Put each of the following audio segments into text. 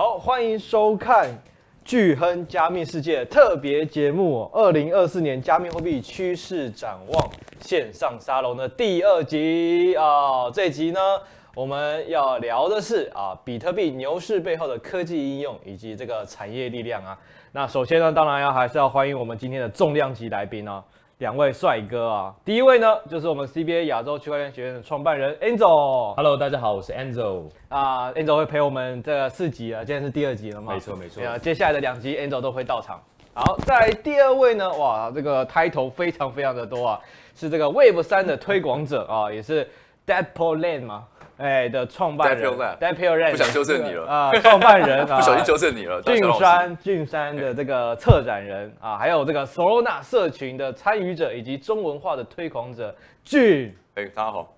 好，歡迎收看鉅亨加密世界特別節目《二零二四年加密貨幣趨勢展望》線上沙龍的第二集啊！這集呢，我們要聊的是啊，比特幣牛市背後的科技應用以及這個產業力量啊。那首先呢，當然要還是要歡迎我們今天的重量級來賓啊。兩位帥哥啊，第一位呢，就是我們 C B A 亞洲區塊鏈學院的創辦人 Angel。Hello，大家好，我是 Angel。啊，Angel 會陪我們這四集啊，今天是第二集了嘛？沒錯，沒錯。接下來的兩集 Angel 都會到場。好，在第二位呢，哇，這個抬頭非常非常的多啊，是這個 Web3 的推廣者啊， 也是 Deadpool l a n d 嗎？哎的創辦人 d l r e 不想糾正你了、這個呃、啊！創辦人不小心糾正你了。俊山，俊山的這個策展人、欸、啊，還有這個 Solana 社群的參與者以及中文化的推廣者俊。哎、欸，大家好。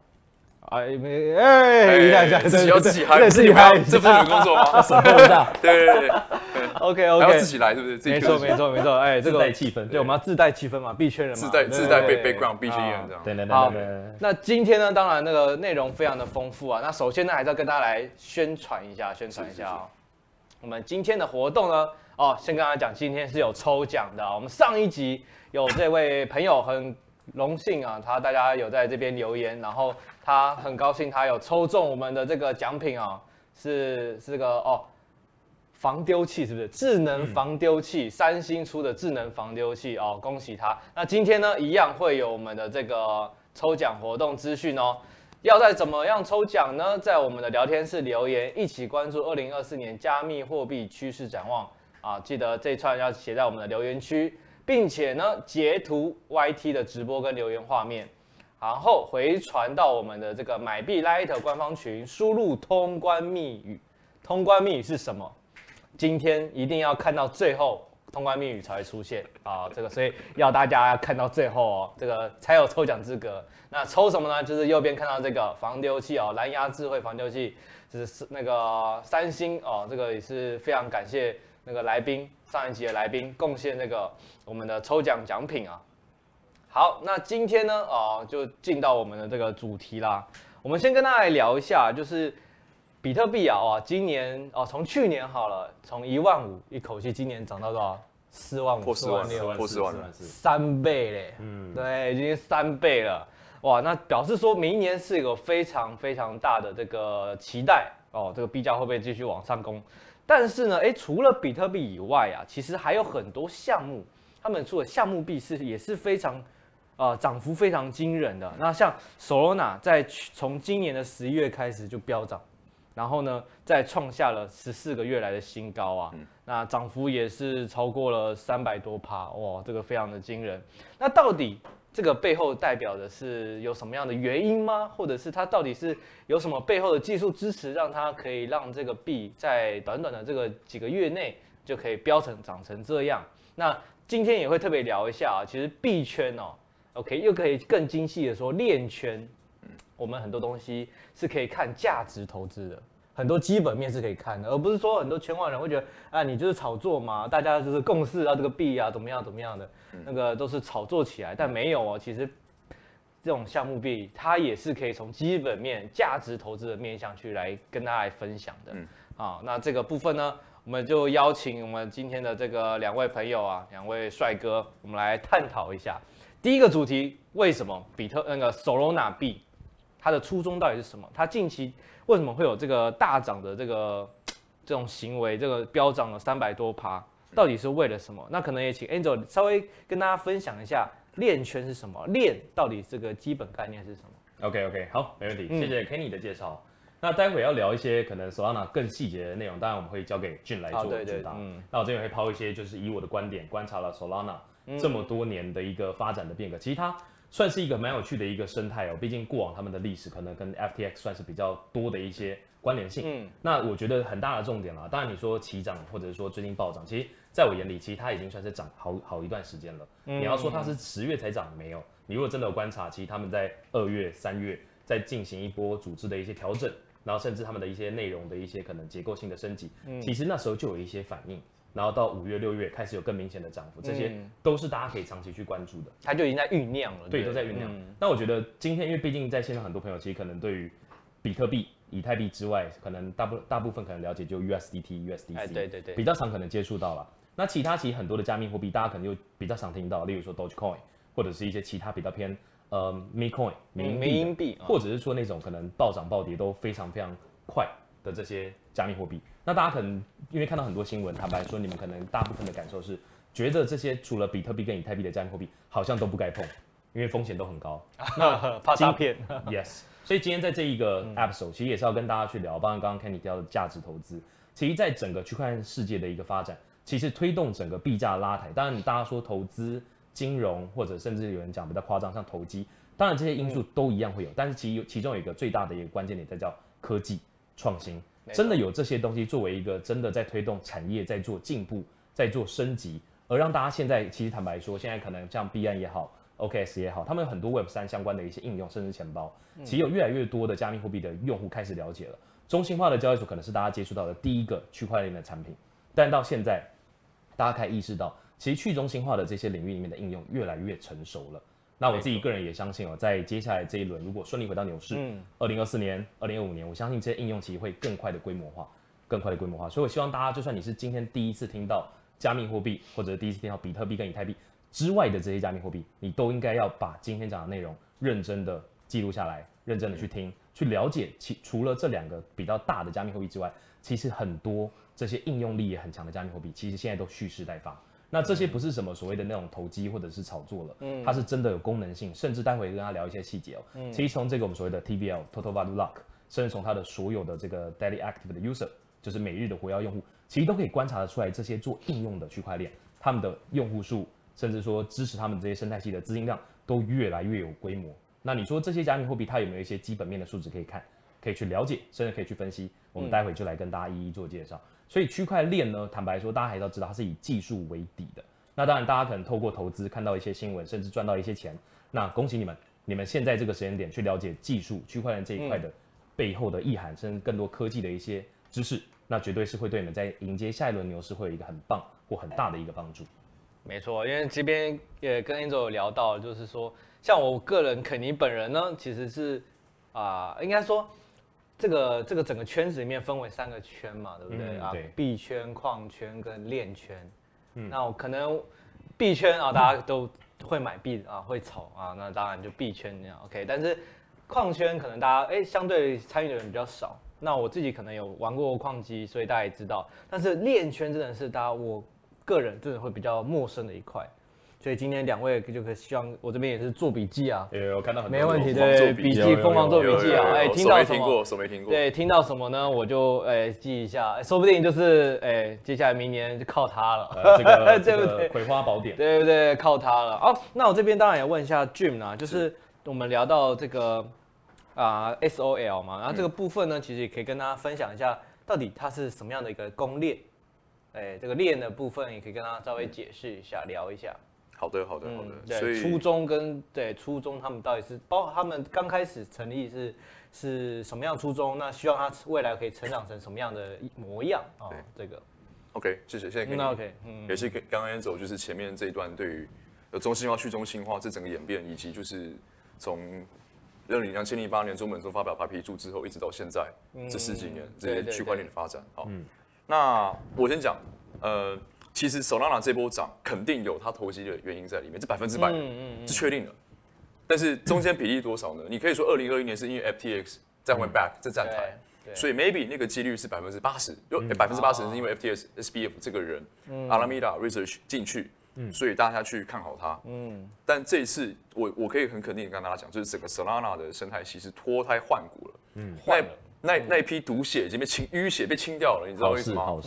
哎沒哎，自己要自己嗨，是女嗨，這份工作嗎？什麼都知道。對對對，OK OK，要自己來，對不對？沒錯沒錯沒錯，哎，自帶氣氛，對，我們要自帶氣氛嘛，幣圈人嘛，自帶自帶背背 background，幣圈人這樣。對對對。好，那今天呢，當然那個內容非常的豐富啊。那首先呢，還是要跟大家來宣傳一下，宣傳一下啊。我們今天的活動呢，哦，先跟大家講，今天是有抽獎的。我們上一集有這位朋友很榮幸啊，他大家有在這邊留言，然後。他很高興，他有抽中我們的這個獎品哦，是是這個哦，防丟器是不是？智能防丟器，三星出的智能防丟器哦，恭喜他！那今天呢，一樣會有我們的這個抽獎活動資訊哦。要在怎麼樣抽獎呢？在我們的聊天室留言，一起關注二零二四年加密貨幣趨勢展望啊！記得這串要寫在我們的留言區，並且呢，截圖 YT 的直播跟留言畫面。然後回傳到我們的這個買幣 LINE 官方群，輸入通關密語。通關密語是什麼？今天一定要看到最後，通關密語才會出現啊！這個所以要大家要看到最後哦，這個才有抽獎資格。那抽什麼呢？就是右邊看到這個防丟器哦，藍牙智慧防丟器，就是那個三星哦。這個也是非常感謝那個來賓上一集的來賓貢獻那個我們的抽獎獎品啊。好，那今天呢，哦，就進到我們的這個主題啦。我們先跟大家來聊一下，就是比特幣啊，哇、哦，今年哦，從去年好了，從一萬五一口氣，今年漲到多少？四萬五，破四萬六，破四萬四，三倍嘞，嗯，對，已經三倍了，哇，那表示說明年是一個非常非常大的這個期待哦，這個幣價會不會繼續往上攻？但是呢，哎，除了比特幣以外啊，其實還有很多項目，他們出的項目幣是也是非常。呃，漲幅非常驚人的。那像 Solana 在從今年的十一月開始就飆漲，然後呢，再創下了十四個月來的新高啊，那漲幅也是超過了三百多趴，哇，這個非常的驚人。那到底這個背後代表的是有什麼樣的原因嗎？或者是它到底是有什麼背後的技術支持，讓它可以讓這個幣在短短的這個幾個月內就可以飆成漲成這樣？那今天也會特別聊一下啊，其實幣圈哦。OK，又可以更精細的說鏈圈，我們很多東西是可以看價值投資的，很多基本面是可以看的，而不是說很多圈外人會覺得啊、哎，你就是炒作嘛，大家就是共識啊，這個幣啊怎麼樣怎麼樣的，那個都是炒作起來，但沒有哦，其實這種項目幣它也是可以從基本面、價值投資的面向去來跟大家來分享的。啊、嗯哦，那這個部分呢，我們就邀請我們今天的這個兩位朋友啊，兩位帥哥，我們來探討一下。第一個主題，為什麼比特那個 Solana 幣，它的初衷到底是什麼？它近期為什麼會有這個大漲的這個這種行為？這個飆漲了三百多趴，到底是為了什麼？那可能也請 Angel 稍微跟大家分享一下鏈圈是什麼？鏈到底這個基本概念是什麼？OK OK，好，沒問題。謝謝 Kenny 的介紹。嗯，那待會要聊一些可能 Solana 更細節的內容，當然我們會交給 Jun 來做解答。嗯，那我這邊會拋一些，就是以我的觀點觀察了 Solana，這麼多年的一個發展的變革，其實它算是一個蠻有趣的一個生態哦。畢竟過往他們的歷史可能跟 FTX 算是比較多的一些關聯性。嗯、那我覺得很大的重點啦、啊，當然你說起漲，或者說最近暴漲，其實在我眼裡，其實他已經算是漲好好一段時間了。你要說它是十月才漲，沒有。你如果真的有觀察，其實他們在二月、三月在進行一波組織的一些調整，然後甚至他們的一些內容的一些可能結構性的升級，嗯、其實那時候就有一些反應。然後到五月、六月開始有更明顯的漲幅，這些都是大家可以長期去關注的。它、嗯、就已經在醞釀了，對，都在醞釀。嗯、那我覺得今天，因為畢竟在現在很多朋友其實可能對於比特幣、以太幣之外，可能大部大部分可能了解就 US USDT、哎、USDC，比較常可能接觸到了。那其他其實很多的加密貨幣，大家可能就比較常聽到，例如說 Doge Coin，或者是一些其他比較偏呃 Me Coin、May 冥冥幣，啊、或者是說那種可能暴漲暴跌都非常非常快的這些加密貨幣。那大家可能因為看到很多新聞，坦白說，你們可能大部分的感受是，覺得這些除了比特幣跟以太幣的加密貨幣，好像都不該碰，因為風險都很高。那怕詐騙。Yes。所以今天在這一個 episode 其實也是要跟大家去聊，包括剛剛 Candy 提到的價值投資。其實，在整個區塊鏈世界的一個發展，其實推動整個幣價拉抬。當然，大家說投資、金融，或者甚至有人講比較誇張，像投機，當然這些因素都一樣會有。嗯、但是，其有其中有一個最大的一個關鍵點，它叫科技創新。真的有這些東西作為一個真的在推動產業在做進步，在做升級，而讓大家現在其實坦白說，現在可能像 BN 也好，OKS 也好，他們有很多 Web3 相關的一些應用，甚至錢包，其實有越來越多的加密貨幣的用戶開始了解了。中心化的交易所可能是大家接觸到的第一個區塊鏈的產品，但到現在大家開始意識到，其實去中心化的這些領域裡面的應用越來越成熟了。那我自己個人也相信哦、喔，在接下來這一輪如果順利回到牛市，二零二四年，二零二五年，我相信這些應用其實會更快的規模化，更快的規模化。所以，我希望大家，就算你是今天第一次聽到加密貨幣，或者第一次聽到比特幣跟以太幣之外的這些加密貨幣，你都應該要把今天講的內容認真的記錄下來，認真的去聽，去了解。其除了這兩個比較大的加密貨幣之外，其實很多這些應用力也很強的加密貨幣，其實現在都蓄勢待發。那這些不是什麼所謂的那種投機或者是炒作了，嗯、它是真的有功能性，甚至待會跟大家聊一些細節哦。嗯、其實從這個我們所謂的 TVL、嗯、Total Value Lock，甚至從它的所有的這個 Daily Active 的 User，就是每日的活躍用戶，其實都可以觀察得出來，這些做應用的區塊鏈，他們的用戶數，甚至說支持他們這些生態系的資金量，都越來越有規模。那你說這些加密貨幣它有沒有一些基本面的數值可以看，可以去了解，甚至可以去分析？我們待會就來跟大家一一做介紹。嗯所以區塊鏈呢，坦白說，大家還是要知道它是以技術為底的。那當然，大家可能透過投資看到一些新聞，甚至賺到一些錢。那恭喜你們，你們現在這個時間點去了解技術區塊鏈這一塊的背後的意涵，嗯、甚至更多科技的一些知識，那絕對是會對你們在迎接下一輪牛市會有一個很棒或很大的一個幫助。沒錯，因為這邊也跟 Angel 有聊到，就是說，像我個人肯尼本人呢，其實是啊、呃，應該說。這個這個整個圈子裡面分為三個圈嘛，對不對？嗯、對。啊，幣圈、礦圈跟鏈圈。嗯、那我可能幣圈啊，大家都會買幣啊，會炒啊，那當然就幣圈那樣，OK。但是礦圈可能大家哎相對參與的人比較少。那我自己可能有玩過礦機，所以大家也知道。但是鏈圈真的是大家我個人真的會比較陌生的一塊。所以今天兩位就可以希望我這邊也是做筆記啊，也有看到很多，沒問題，對，筆記，瘋狂、哦、做筆記啊，哎、欸，聽到什麼，手沒聽過，對，聽到什麼呢？我就哎記一下，說不定就是哎、欸，接下來明年就靠它了、呃，這個、這個、哈哈對不對？葵花寶典，對不對？靠它了。哦，那我這邊當然也問一下 Jim 啊，就是我們聊到這個啊 SOL 嘛，然後這個部分呢，嗯、其實也可以跟大家分享一下，到底它是什麼樣的一個公鏈？哎，這個鏈的部分也可以跟大家稍微解釋一下，嗯、聊一下。好的，好的，好的。嗯、所以初衷跟對初衷，他們到底是包括他們剛開始成立是是什麼樣初衷？那希望他未來可以成長成什麼樣的模樣啊？哦、對這個。OK，謝謝，現在可以。那、嗯、OK，嗯，也是跟剛剛走，就是前面這一段對於呃，中心化去中心化這整個演變，以及就是從任永江2018年中本聰發表白皮書之後，一直到現在這十幾年，嗯、這些區塊鏈的發展。好，嗯、那我先講，呃。其實 Solana 這波漲肯定有它投機的原因在裡面，是百分之百，嗯嗯嗯、是確定的。但是中間比例多少呢？嗯、你可以說2021年是因為 FTX 在外 back、嗯、在站台，okay, 所以 maybe 那個幾率是百分之八十，百分之八十是因為 FTX SBF 這個人、嗯、，Alameda Research 進去，所以大家去看好它。嗯、但這一次我，我我可以很肯定的跟大家講，就是整個 Solana 的生態其實脫胎換骨了，換、嗯、了。那那一批毒血已經被清淤血被清掉了，你知道為什麼嗎？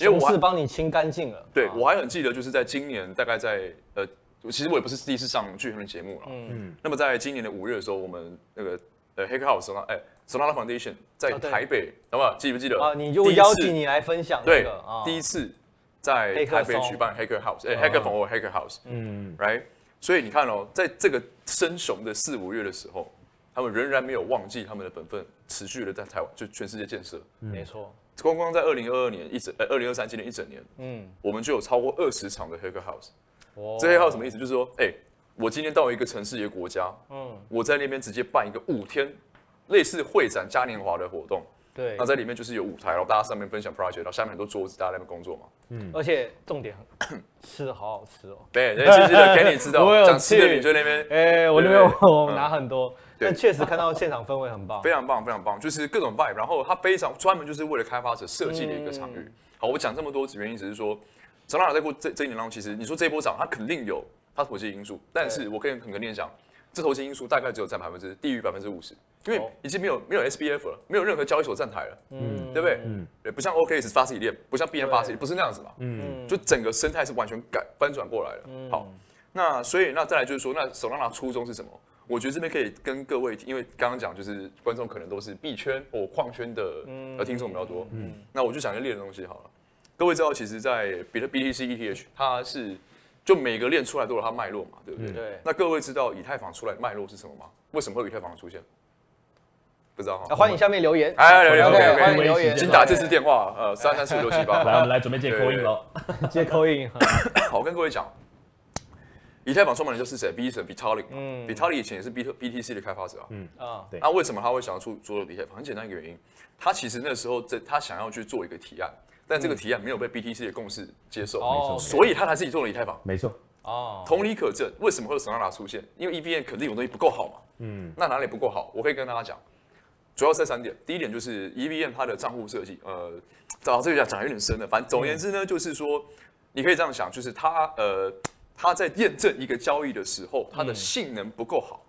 因為我是幫你清乾淨了。對，我還很記得，就是在今年大概在呃，其實我也不是第一次上鉅亨的節目了。嗯，那麼在今年的五月的時候，我們那個呃黑客 house 呢，Solana Foundation 在台北，好不好？記不記得？啊，你就邀請你來分享。對，第一次在台北舉辦黑客 house，哎，黑客峰會黑客 house，嗯，right。所以你看哦，在這個生雄的四五月的時候。他們仍然沒有忘記他們的本分，持續的在台灣，就全世界建設。沒錯，光光在二零二二年一整，呃，二零二三今年一整年，嗯，我們就有超過二十場的黑客 house。哇！這黑客 house 什麼意思？就是說，哎，我今天到一個城市一個國家，嗯，我在那邊直接辦一個五天，類似會展嘉年華的活動。對，那在裡面就是有舞台然後大家上面分享 project，然後下面很多桌子，大家在那邊工作嘛。嗯，而且重點很，吃的好好吃哦。對，其實的給你知道，講吃的，你就那邊，哎，我那邊我拿很多。對但確實看到現場氛圍很棒， 非常棒，非常棒，就是各種 vibe，然後它非常專門就是為了開發者設計的一個場域。嗯、好，我講這麼多，原因只是說、嗯，Solana 在過這這一年當中，其實你說這一波漲，它肯定有它投機因素，但是我可以整個念想，這投機因素大概只有占百分之低於百分之五十，因為已經沒有沒有 S B F 了，沒有任何交易所站台了，嗯，對不吧、嗯、對？嗯，也不像 O K 只發自己鏈，e、and, 不像 B N 發自己，e、and, 對不是那樣子嘛，嗯就整個生態是完全改翻轉過來了。嗯、好，那所以那再來就是說，那 Solana 初衷是什麼？我覺得這邊可以跟各位，因為剛剛講，就是觀眾可能都是 B 圈或礦圈的聽眾比較多，嗯嗯嗯、那我就講一個鏈的東西好了。各位知道，其實，在別的 BTC，e、ETH，它是就每個鏈出來都有它脈絡嘛，對不對？嗯、那各位知道以太坊出來脈絡是什麼嗎？為什麼會以太坊出現？不知道、啊啊。歡迎下面留言，哎 OK，歡迎留言，請打這次電話，呃，三三四五六七八，來我們來準備接 call in 嘍，接 call in。好，跟各位講。以太坊創辦人就是誰？B a Vitalik 嘛。Ille, 嗯。Vitalik 以前也是 B t BTC 的開發者嗯啊。那為什麼他會想要出主導以太坊？很簡單一個原因，他其實那時候在他想要去做一個提案，但這個提案沒有被 BTC 的共識接受，嗯、所以他才自己做了以太坊，沒錯。哦。Okay, 同理可證，為什麼會有 Solana 出現？因為 EVM 肯定有東西不夠好嘛。嗯。那哪裡不夠好？我可以跟大家講，主要是三點。第一點就是 EVM 它的賬戶設計，呃，講這個講講有點深了，反正總而言之呢，嗯、就是說，你可以這樣想，就是他呃。他在驗證一個交易的時候，它的性能不夠好。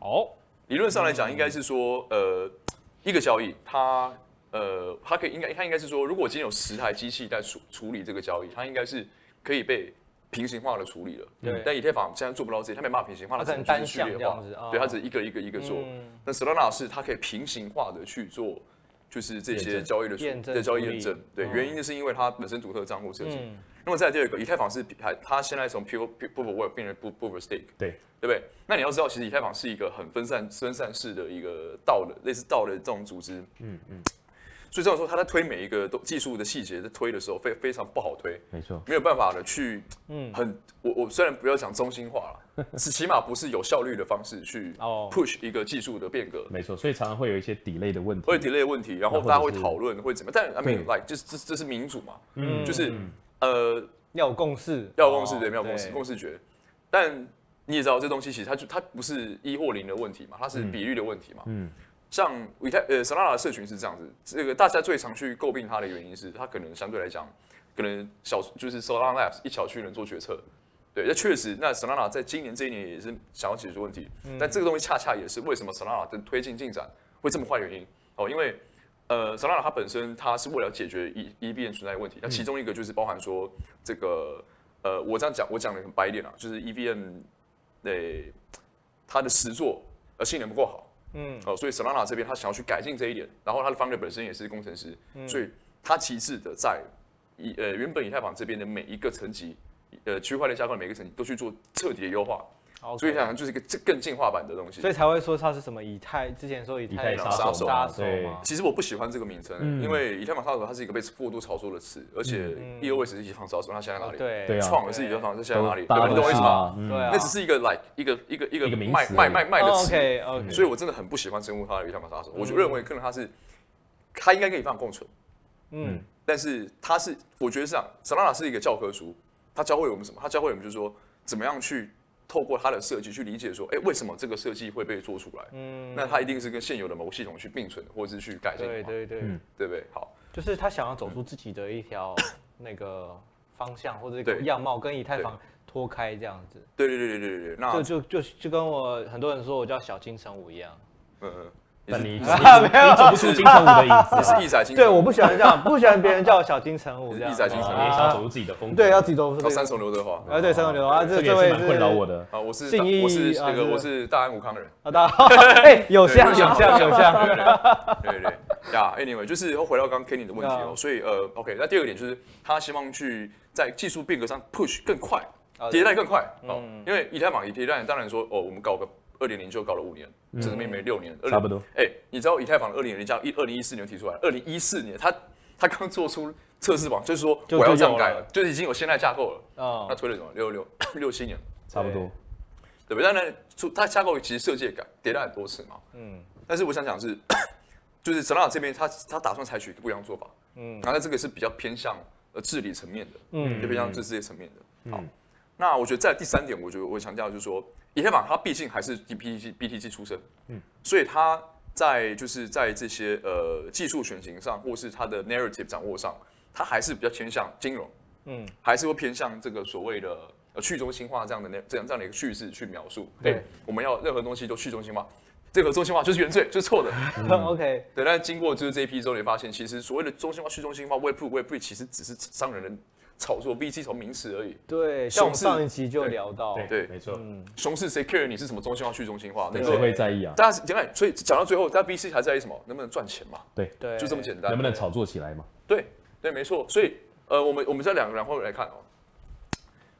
哦，理論上來講，應該是說，呃，一個交易，他呃，他可以應該，他應該是說，如果今天有十台機器在處處理這個交易，他應該是可以被平行化的處理了。對。但以太坊現在做不到這些，他沒辦法平行化，他只、嗯、能序列化。很單向樣子。對，它只一個一個一個做。那 Solana 是他可以平行化的去做，就是這些交易的驗證、交易驗證。對。原因就是因為它本身獨特的賬戶設置。那麼在第二個，以太坊是它現在從 Po Po Work 變成 Po Po Stake 對，對不對？那你要知道，其實以太坊是一個很分散、分散式的一個道的，類似道的這種組織，嗯嗯。所以這樣說，他在推每一個都技術的細節，在推的時候非非常不好推，沒錯，沒有辦法的去嗯，很我我雖然不要講中心化了，是起碼不是有效率的方式去 push 一個技術的變革，沒錯。所以常常會有一些底類的問題，會底類的問題，然後大家會討論會怎麼，但 I mean like 就是這這是民主嘛，嗯，就是。呃，要有共識，要有共識對，要有共識，共識決。但你也知道，這東西其實它就它不是一或零的問題嘛，它是比率的問題嘛。嗯。嗯像維泰呃 Solana 社群是這樣子，這個大家最常去詬病它的原因是，它可能相對來講，可能小就是 Solana Labs 一小區人做決策。對，那確實，那 Solana 在今年這一年也是想要解決問題。嗯。但這個東西恰恰也是為什麼 Solana 的推進進展會這麼壞的原因哦，因為。呃，Solana 它本身它是為了解決 E EVM 存在的問題，那其中一個就是包含說這個、嗯、呃，我這樣講，我講的很白一點啊，就是 EVM 的它的實作呃性能不夠好，嗯，哦、呃，所以 Solana 這邊它想要去改進這一點，然後它的 Founder 本身也是工程師，嗯、所以他其次的在以呃原本以太坊這邊的每一個層級，呃區塊鏈架構的每一個層級都去做徹底的優化。所以想像就是一個更更進化版的東西，所以才會說它是什麼以太，之前說以太坊殺手，對。其實我不喜歡這個名稱，因為以太坊殺手它是一個被過度炒作的詞，而且 EOS 是以太坊殺手，它現在哪裡？對創也是以太坊是現在哪裡？對，你懂我意思嗎？對啊，那只是一個 like 一個一個一個賣賣賣賣的詞，所以，我真的很不喜歡稱呼它為以太坊殺手。我就認為可能它是，它應該跟以太坊共存。嗯，但是它是，我覺得是這樣，Solana 是一個教科書，它教會我們什麼？它教會我們就是說怎麼樣去。透過它的設計去理解，說，哎、欸，為什麼這個設計會被做出來？嗯，那它一定是跟現有的某系統去並存，或是去改進。對對對，嗯、對不對？好，就是他想要走出自己的一條、嗯、那個方向，或者一個樣貌，跟以太坊脫開這樣子。對對對對對對，那就就就，就跟我很多人說我叫小金城武一樣。嗯嗯。本一，你走不出金城武的影子。是對，我不喜歡這樣，不喜歡別人叫我小金城武。一彩金，也想走出自己的風格。對，要自己走出。要三重劉德華。哎，對，三重劉德華，這這位是困擾我的。啊，我是我是那個我是大安武康人。好的，哎，有像，有像，有像。對對呀，anyway，就是又回到剛 Kenny 的問題哦。所以呃，OK，那第二點就是他希望去在技術變革上 push 更快，迭代更快。哦，因為以太坊一迭代，當然說哦，我們搞個。二點零就搞了五年，整個邊沒六年，差不多。哎，你知道以太坊二點零加一二零一四年提出來，二零一四年他他剛做出測試網，就是說我要這樣改，就是已經有現代架構了。啊，他推了什麼？六六六六七年差不多，對不對？當然，它架構其實設計也改迭代很多次嘛。嗯。但是我想講是，就是澤拉爾這邊他他打算採取一個不一樣的做法。嗯。然後這個是比較偏向呃治理層面的，嗯，就偏向治這些層面的。好，那我覺得在第三點，我覺得我強調就是說。野馬，他畢竟還是 B T C B T g 出身，所以他在就是在這些呃技術選型上，或是他的 narrative 掌握上，他還是比較偏向金融，嗯，還是會偏向這個所謂的去中心化這樣的那這樣這樣的一個敘事去描述。嗯、對，我們要任何東西都去中心化，這個中心化就是原罪，就是錯的。OK，、嗯、 對，但經過就是這一批之後，你發現其實所謂的中心化、去中心化，Web2，Web3，其實只是商人的。炒作 VC 從名詞而已，對，像我們上一期就聊到，對，沒錯，熊市 secure 你是什麼中心化、去中心化，你不會在意啊？大家，講來，所以講到最後，大家 VC 還在意什麼？能不能賺錢嘛？對，就這麼簡單，能不能炒作起來嘛？對，對，沒錯，所以，呃，我們我們這兩個然後來看哦，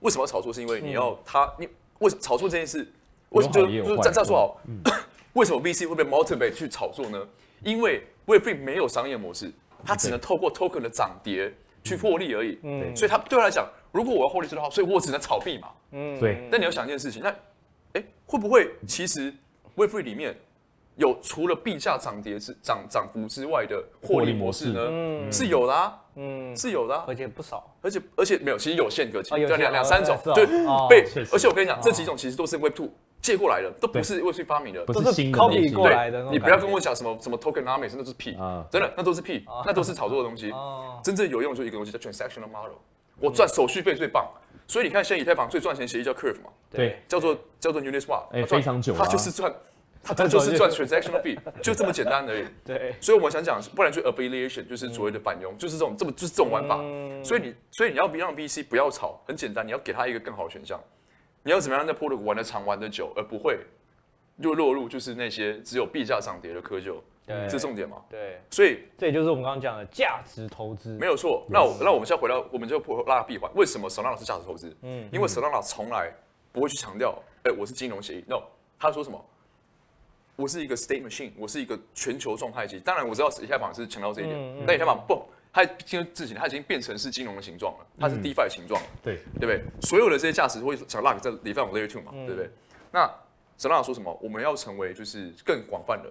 為什麼要炒作？是因為你要他，你為什麼炒作這件事？為什麼？就是再再說好，為什麼 VC 會被 motivate 去炒作呢？因為 Weave 沒有商業模式，它只能透過 token 的漲跌。去獲利而已，嗯，所以他對他來講，如果我要獲利的話，所以我只能炒幣嘛，嗯，對。但你要想一件事情，那，哎，會不會其實 Web3 裡面有除了幣價漲跌之漲漲幅之外的獲利模式呢？是有的，嗯，是有的，而且不少，而且而且沒有，其實有限格只有兩兩三種，對，被。而且我跟你講，這幾種其實都是 Web2。借過來的都不是為去發明的，都是 copy 過來的。你不要跟我講什麼什麼 tokenomics，那都是屁，真的，那都是屁，那都是炒作的東西。真正有用就一個東西叫 transactional model，我賺手續費最棒。所以你看，現在以太坊最賺錢協議叫 Curve 嘛，對，叫做叫做 Uniswap，哎，非常久，它就是賺，它就是賺 transactional fee，就這麼簡單而已。對，所以我想講，不然就 affiliation，就是所謂的返傭，就是這種這麼就是這種玩法。所以你，所以你要讓 VC 不要炒，很簡單，你要給他一個更好的選項。你要怎麼樣在波羅谷玩的長玩的久，而不會就落入就是那些只有幣價漲跌的窠臼。對這是重點嘛。對，所以這也就是我們剛剛講的價值投資，沒有錯。那那是我，我們現在回到，我們就拉閉環。為什麼 Solana 是價值投資？嗯，因為 Solana 從來不會去強調，誒、嗯，欸，我是金融協議。No，他說什麼？我是一個 state machine，我是一個全球狀態機。當然我知道以太坊是強調這一點，嗯嗯，但以太坊不，嗯。它現在自己，它已經變成是金融的形狀了，它是 DeFi 形狀，對，對不對？所有的這些價值會想拉在 Layer One Layer Two 嘛，對不對？那 Solana 說什麼？我們要成為就是更廣泛的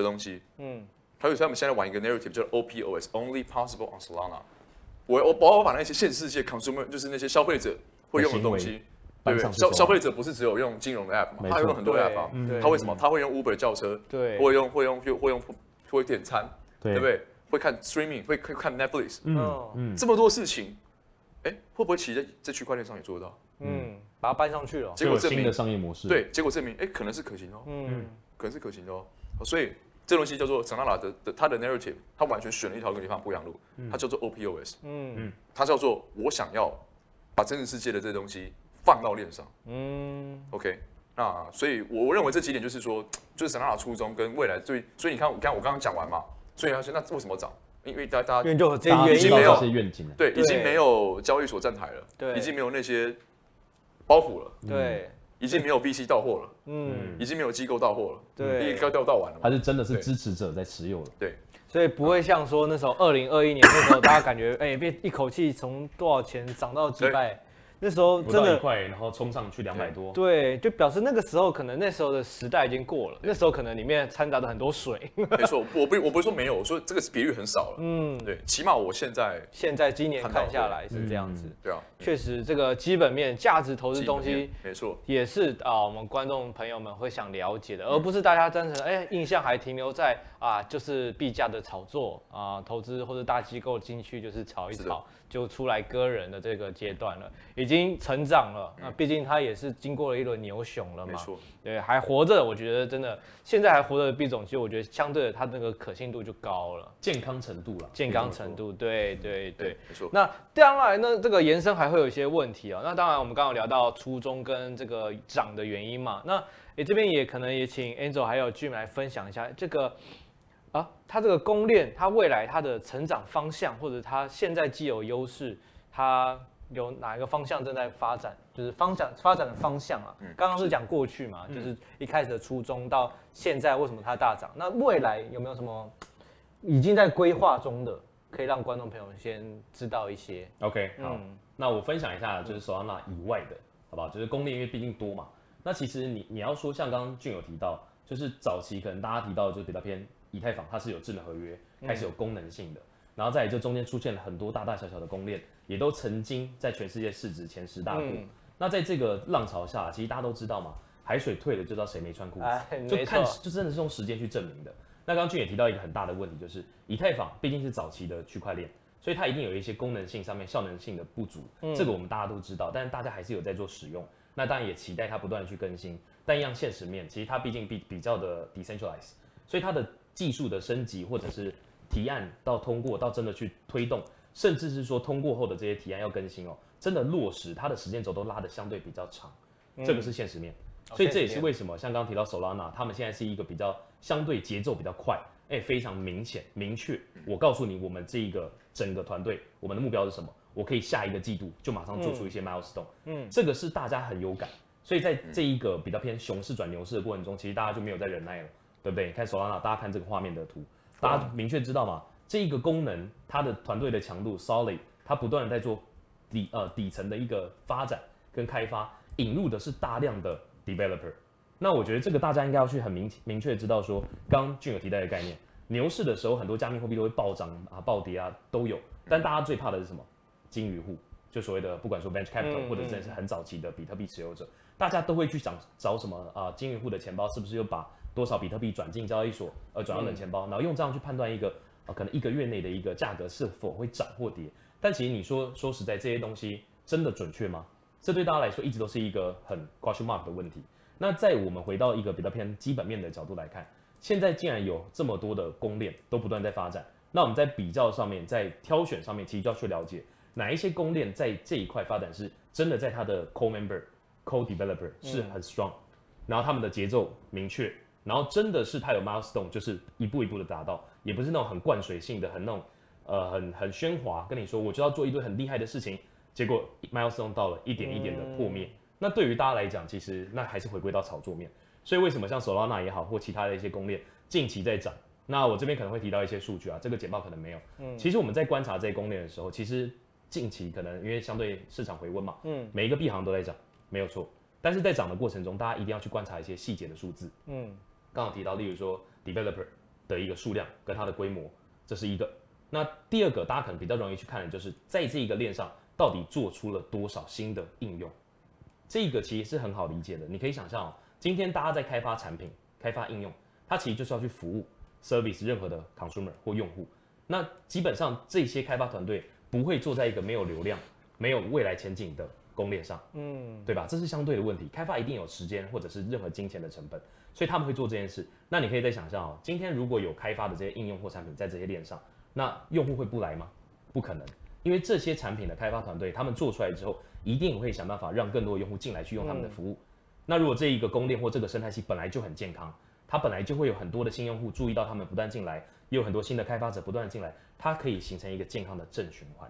的東西，嗯，還有像我們現在玩一個 Narrative，叫 OPOS Only Possible on Solana。我我把我把那些現實世界 Consumer，就是那些消費者會用的東西，對，消消費者不是只有用金融的 App，他用很多 App，他為什麼他會用 Uber 的轎車，對，會用會用會用會點餐，對不對？會看 streaming，會看 Netflix，嗯，嗯這麼多事情，哎、欸，會不會其實這區塊鏈上也做得到？嗯，把它搬上去了，結果證明的商業模式，對，結果證明，哎、欸，可能是可行的哦，嗯，嗯，可能是可行的哦，所以這東西叫做 Solana 的的他的 narrative，他完全選了一條跟你方不一樣路，嗯、它叫做 OPOS，嗯，嗯它叫做我想要把真實世界的這東西放到鏈上，嗯，OK，那所以我認為這幾點就是說，就是 Solana 初衷跟未來最，所以你看，你看我剛剛講完嘛。所以他、啊、說：“那為什麼漲？因為大家已經沒有願景有，對，已經沒有交易所站台了，對，已經沒有那些包袱了，對，已經沒有 VC 到貨了，嗯，已經沒有機構到貨了，對、嗯，已經調調到完了嗎？還是真的是支持者在持有了？了對，所以不會像說那時候二零二一年那時候，大家感覺哎，變、 欸、一口氣從多少錢漲到幾百。”那時候真的不到一塊，然後衝上去兩百多，對，就表示那個時候可能那時候的時代已經過了。那時候可能裡面摻雜了很多水。 沒錯，我不我不是說沒有，我說這個別域很少了。嗯，對，起碼我現在現在今年看下來是這樣子。嗯嗯、對啊，確實這個基本面價值投資東西沒錯，也是啊，我們觀眾朋友們會想了解的，而不是大家真的哎、欸，印象還停留在啊就是幣價的炒作啊投資或者大機構進去就是炒一炒。就出來割人的這個階段了，嗯、已經成長了。那畢竟它也是經過了一輪牛熊了嘛，沒錯 錯。對，還活着，我覺得真的現在還活着的幣種，其實我覺得相對的它那個可信度就高了，健康程度了，健康程度，沒錯 對對對，沒錯 錯。那將來呢，這個延伸還會有一些問題啊、喔。那當然，我們剛剛聊到初衷跟這個漲的原因嘛。那誒、欸，這邊也可能也請 Angel 還有 Jun 來分享一下這個。啊，它這個公鏈，它未來它的成長方向，或者它現在既有優勢，它有哪一個方向正在發展，就是方向發展的方向啊。剛剛、嗯、是講過去嘛，嗯、就是一開始的初衷到現在為什麼它大漲，那未來有沒有什麼已經在規劃中的，可以讓觀眾朋友先知道一些？OK，好，嗯、那我分享一下就是 Solana 以外的，嗯、好不好？就是公鏈，因為畢竟多嘛。那其實你你要說像剛剛俊有提到，就是早期可能大家提到的就比較偏。以太坊它是有智能合約，開始有功能性的，嗯、然後再就中間出現了很多大大小小的公鏈，也都曾經在全世界市值前十大過。嗯、那在這個浪潮下，其實大家都知道嘛，海水退了就知道誰沒穿褲子，哎，就看、沒錯、就真的是用時間去證明的。那剛剛俊也提到一個很大的問題，就是以太坊畢竟是早期的區塊鏈，所以它一定有一些功能性上面效能性的不足，嗯、這個我們大家都知道，但是大家還是有在做使用。那當然也期待它不斷的去更新，但一樣現實面，其實它畢竟比比較的 decentralized，所以它的。技術的升級，或者是提案到通過到真的去推動，甚至是說通過後的這些提案要更新哦、喔，真的落實它的時間軸都拉得相對比較長，這個是現實面。所以這也是為什麼像剛剛提到 Solana，他們現在是一個比較相對節奏比較快，哎，非常明顯明確。我告訴你，我們這一個整個團隊我們的目標是什麼？我可以下一個季度就馬上做出一些 Milestone。嗯，這個是大家很有感。所以在這一個比較偏熊市轉牛市的過程中，其實大家就沒有在忍耐了。對不對？看 Solana 大家看這個畫面的圖，大家明確知道嗎？Wow. 這個功能它的團隊的強度，Solid，它不斷的在做底呃底層的一個發展跟開發，引入的是大量的 developer。那我覺得這個大家應該要去很明明確知道說，說剛具有提到的概念。牛市的時候，很多加密貨幣都會暴漲啊、暴跌啊都有，但大家最怕的是什麼？鯨魚戶，就所謂的不管說 Venture Capital、嗯、或者是很早期的比特幣持有者，大家都會去找找什麼啊？鯨魚戶的錢包是不是又把？多少比特幣轉進交易所，呃，轉到冷錢包，然後用這樣去判斷一個，呃，可能一個月內的一個價格是否會漲或跌。但其實你說說實在，這些東西真的準確嗎？這對大家來說一直都是一個很 question mark 的問題。那在我們回到一個比較偏基本面的角度來看，現在既然有這麼多的公鏈都不斷在發展，那我們在比較上面，在挑選上面，其實就要去了解哪一些公鏈在這一塊發展是真的，在它的 core member、嗯、core developer 是很 strong，然後他們的節奏明確。然後真的是它有 milestone，就是一步一步的達到，也不是那種很灌水性的，很那種，呃，很很喧嘩。跟你說，我就要做一堆很厲害的事情，結果 milestone 到了一點一點的破滅。嗯、那對於大家來講，其實那還是回歸到炒作面。所以為什麼像 Solana 也好，或其他的一些公鏈近期在漲？那我這邊可能會提到一些數據啊，這個簡報可能沒有。嗯，其實我們在觀察這些公鏈的時候，其實近期可能因為相對市場回溫嘛，嗯，每一個幣行都在漲，沒有錯。但是在漲的過程中，大家一定要去觀察一些細節的數字。嗯。剛好提到，例如說，developer 的一個數量跟它的規模，這是一個。那第二個，大家可能比較容易去看的就是，在這一個鏈上到底做出了多少新的應用。這個其實是很好理解的。你可以想象哦，今天大家在開發產品、開發應用，它其實就是要去服務 service 任何的 consumer 或用戶。那基本上這些開發團隊不會做在一個沒有流量、沒有未來前景的公鏈上，嗯，對吧？這是相對的問題。開發一定有時間或者是任何金錢的成本。所以他們會做這件事。那你可以再想象哦，今天如果有開發的這些應用或產品在這些鏈上，那用戶會不來嗎？不可能，因為這些產品的開發團隊，他們做出來之後，一定會想辦法讓更多的用戶進來去用他們的服務。嗯、那如果這一個公鏈或這個生態系本來就很健康，它本來就會有很多的新用戶注意到，他們不斷進來，也有很多新的開發者不斷進來，它可以形成一個健康的正循環。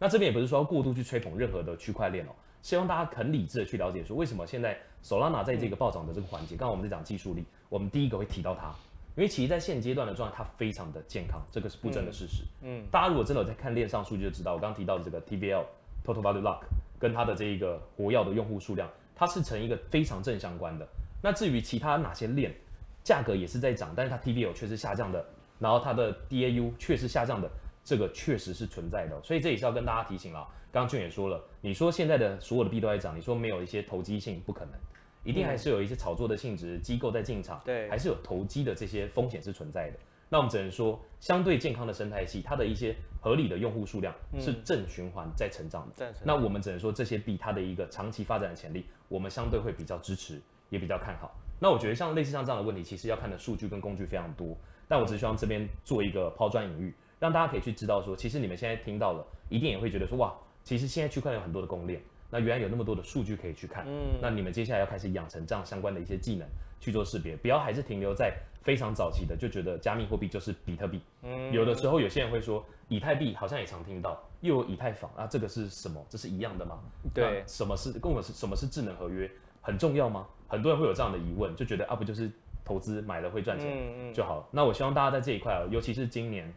那這邊也不是說要過度去吹捧任何的區塊鏈哦。希望大家很理智的去了解說，為什麼現在 Solana 在這個暴漲的這個環節？剛剛、嗯、我們在講技術力，我們第一個會提到它，因為其實在現階段的狀態，它非常的健康，這個是不爭的事實。嗯，嗯大家如果真的有在看鏈上數據就知道，我剛剛提到的這個 T V L（Total Value Lock） 跟它的這個活躍的用戶數量，它是成一個非常正相關的。那至於其他哪些鏈，價格也是在漲，但是它 T V L 卻是下降的，然後它的 D A U 卻是下降的。這個確實是存在的，哦，所以這也是要跟大家提醒了，哦。剛剛俊也說了，你說現在的所有的幣都在漲，你說沒有一些投機性不可能，一定還是有一些炒作的性質，機構在進場，嗯，對，還是有投機的這些風險是存在的。那我們只能說，相對健康的生態系，它的一些合理的用戶數量是正循環在成長的。嗯、正成長。那我們只能說，這些幣它的一個長期發展的潛力，我們相對會比較支持，也比較看好。那我覺得像類似像這樣的問題，其實要看的數據跟工具非常多，但我只希望這邊做一個拋磚引玉。讓大家可以去知道說，說其實你們現在聽到了，一定也會覺得說哇，其實現在區塊鏈有很多的公鏈，那原來有那麼多的數據可以去看。嗯，那你們接下來要開始養成這樣相關的一些技能去做識別，不要還是停留在非常早期的，就覺得加密貨幣就是比特幣。嗯，有的時候有些人會說，以太幣好像也常聽到，又有以太坊啊，這個是什麼？這是一樣的嗎？對，什麼是？跟我是什麼是智能合約？很重要嗎？很多人會有這樣的疑問，就覺得啊，不就是投資買了會賺錢，嗯嗯，就好了。那我希望大家在這一塊啊，尤其是今年，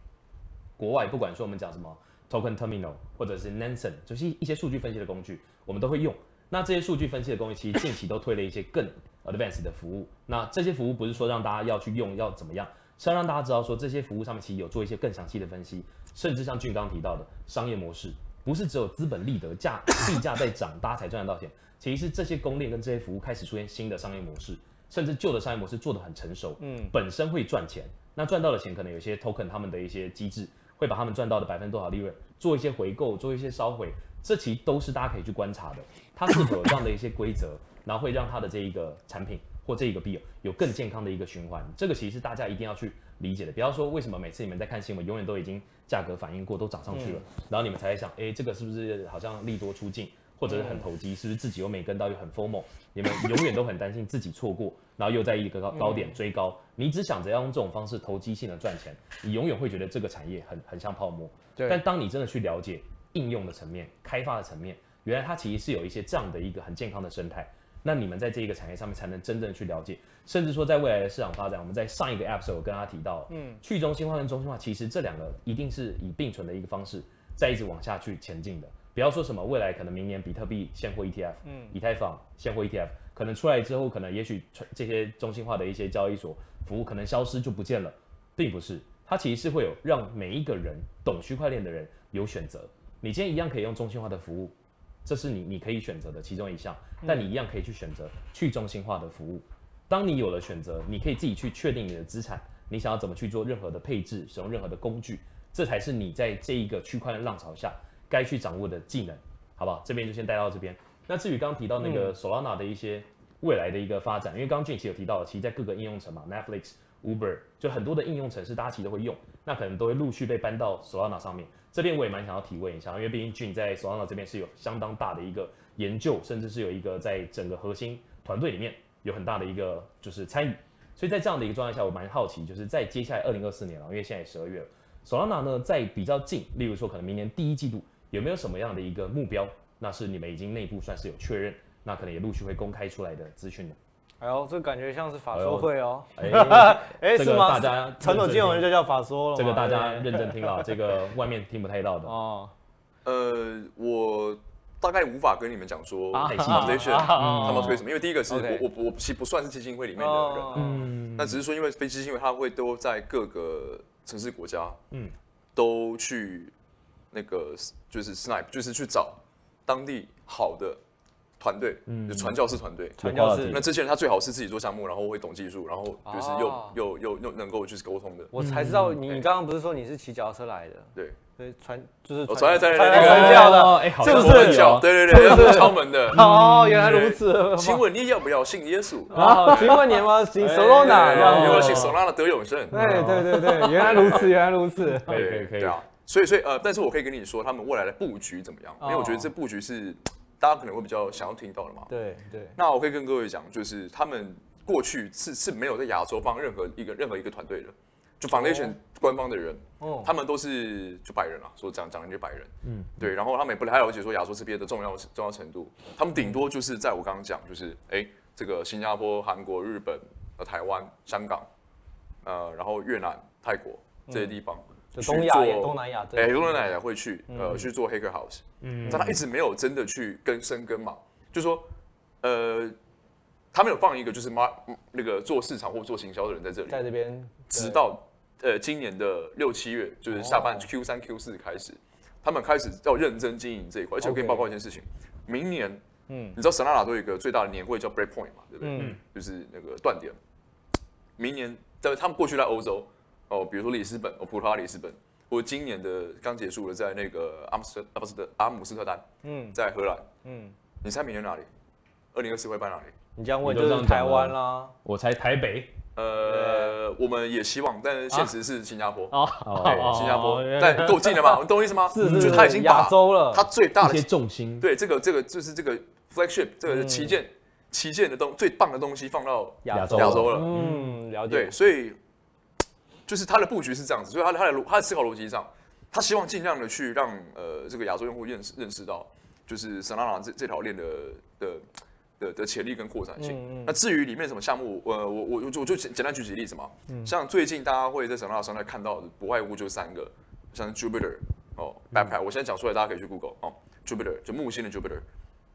國外不管說我們講什麼 token terminal，或者是 Nansen，就是一些數據分析的工具，我們都會用。那這些數據分析的工具其實近期都推了一些更 advanced 的服務。那這些服務不是說讓大家要去用要怎麼樣，是要讓大家知道說這些服務上面其實有做一些更詳細的分析，甚至像俊剛提到的商業模式，不是只有資本利得價幣價在漲，大家才賺得到錢。其實是這些公鏈跟這些服務開始出現新的商業模式，甚至舊的商業模式做得很成熟，嗯，本身會賺錢。那賺到的錢可能有些 token 他們的一些機制，會把他們賺到的百分之多少利潤做一些回購，做一些燒毀，這其實都是大家可以去觀察的，它是否有這樣的一些規則，然後會讓它的這一個產品或這一個幣有，有更健康的一個循環，這個其實是大家一定要去理解的。比方說，為什麼每次你們在看新聞，永遠都已經價格反應過，都漲上去了，嗯、然後你們才會想，誒，這個是不是好像利多出盡，或者是很投機，嗯、是不是自己又沒跟到又很 FOMO，你們永遠都很擔心自己錯過。 然後又在一個高高點追高，嗯、你只想着要用這種方式投機性的賺錢，你永遠會覺得這個產業很很像泡沫。對但當你真的去了解應用的層面、開發的層面，原來它其實是有一些這樣的一個很健康的生態。那你們在這一個產業上面才能真正去了解，甚至說在未來的市場發展，我們在上一個 episode 跟他提到，嗯，去中心化跟中心化，其實這兩個一定是以並存的一個方式在一直往下去前進的。不要說什麼未來可能明年比特幣現貨 ETF，嗯，以太坊現貨 ETF。可能出來之後，可能也許這些中心化的一些交易所服務可能消失就不見了，並不是，它其實是會有讓每一個人懂區塊鏈的人有選擇，你今天一樣可以用中心化的服務，這是你你可以選擇的其中一項，但你一樣可以去選擇去中心化的服務。當你有了選擇，你可以自己去確定你的資產，你想要怎麼去做任何的配置，使用任何的工具，這才是你在這一個區塊鏈浪潮下該去掌握的技能，好不好？這邊就先帶到這邊。那至於剛剛提到那個 Solana 的一些未來的一個發展，嗯、因為剛剛俊奇有提到的，其實在各個應用層嘛，Netflix、Uber 就很多的應用層是大家其實都會用，那可能都會陸續被搬到 Solana 上面。這邊我也蠻想要提問一下，因為畢竟俊在 Solana 這邊是有相當大的一個研究，甚至是有一個在整個核心團隊裡面有很大的一個就是參與。所以在這樣的一個狀態下，我蠻好奇，就是在接下來2024年了，因為現在十二月了，Solana 呢在比較近，例如說可能明年第一季度有沒有什麼樣的一個目標？那是你們已經內部算是有確認，那可能也陸續會公開出來的資訊了。哎呦，這感覺像是法說會哦。哎，這個大傳統金融就叫法說了。這個大家認真聽啊，這個外面聽不太到的。哦，呃，我大概無法跟你們講說，啊他們推什麼，因為第一個是我，我不，我不算是基金會裡面的人。嗯，那只是說，因為非基金會，他會都在各個城市、國家，嗯，都去那個就是 Snipe，就是去找。當地好的團隊，就傳教士團隊。傳教士，那這些人他最好是自己做項目，然後會懂技術，然後就是又又又又能夠去溝通的。我才知道，你你剛剛不是說你是騎腳踏車來的？對，對，傳就是傳教的，哎，是不是？對對對，是不是敲門的？哦，原來如此。請問你要不要信耶穌？啊，請問你要不要信 Solana，要不要信 Solana 得永生？對對對對，原來如此，原來如此，可以可以。所以，所以，呃，但是我可以跟你說，他們未來的佈局怎麼樣？因為我覺得這佈局是大家可能會比較想要聽到的嘛。對對。那我可以跟各位講，就是他們過去是是沒有在亞洲幫任何一個任何一個團隊的，就 Foundation 官方的人，哦，他們都是就白人了、啊，所以講講一句白人，嗯，對。然後他們也不太了解說亞洲這邊的重要重要程度，他們頂多就是在我剛剛講，就是誒、欸，這個新加坡、韓國、日本、呃、台灣、香港，呃，然後越南、泰國這些地方。東亞，做東南亞，對、欸、東南亞會去，嗯、呃，去做黑客 house，嗯，但他一直沒有真的去跟深耕嘛，就說，呃，他們有放一個，就是馬那個做市場或做行銷的人在這裡，在這邊，直到，呃，今年的六七月，就是下半 Q 三、哦、Q 四開始，他們開始要認真經營這一塊，而且我給你報告一件事情，Okay 明年，嗯，你知道，Solana 都有一個最大的年會叫 Break Point 嘛，對不對？嗯、就是那個斷點，明年在他們過去在歐洲。哦，比如說里斯本，葡萄牙里斯本，我今年的剛結束了，在那個阿姆斯阿阿姆斯特丹，嗯，在荷蘭，嗯，你猜明年哪裡？二零二四會搬哪裡？你這樣問就是台灣啦。我猜台北。呃，我們也希望，但是現實是新加坡啊，新加坡，但夠近了嘛？你懂我意思嗎？是是是。打洲了，他最大的重心。對，這個這個就是這個 flagship，這個是旗艦旗艦的東最棒的東西放到亞洲了。嗯，了解。對，所以。就是它的佈局是這樣子，所以它的它的它的思考邏輯上，他希望儘量的去讓呃這個亞洲用戶認識認識到，就是 Solana 這這條鏈的的的的潛力跟擴展性。嗯嗯、那至於裡面什麼項目，呃我我就我就就簡單舉幾個例子嘛，像最近大家會在 Solana 上看到，的，不外乎就三個，像 Jupiter 哦、嗯嗯、，Backpack，我現在講出來大家可以去 Google 哦，Jupiter 就木星的 Jupiter，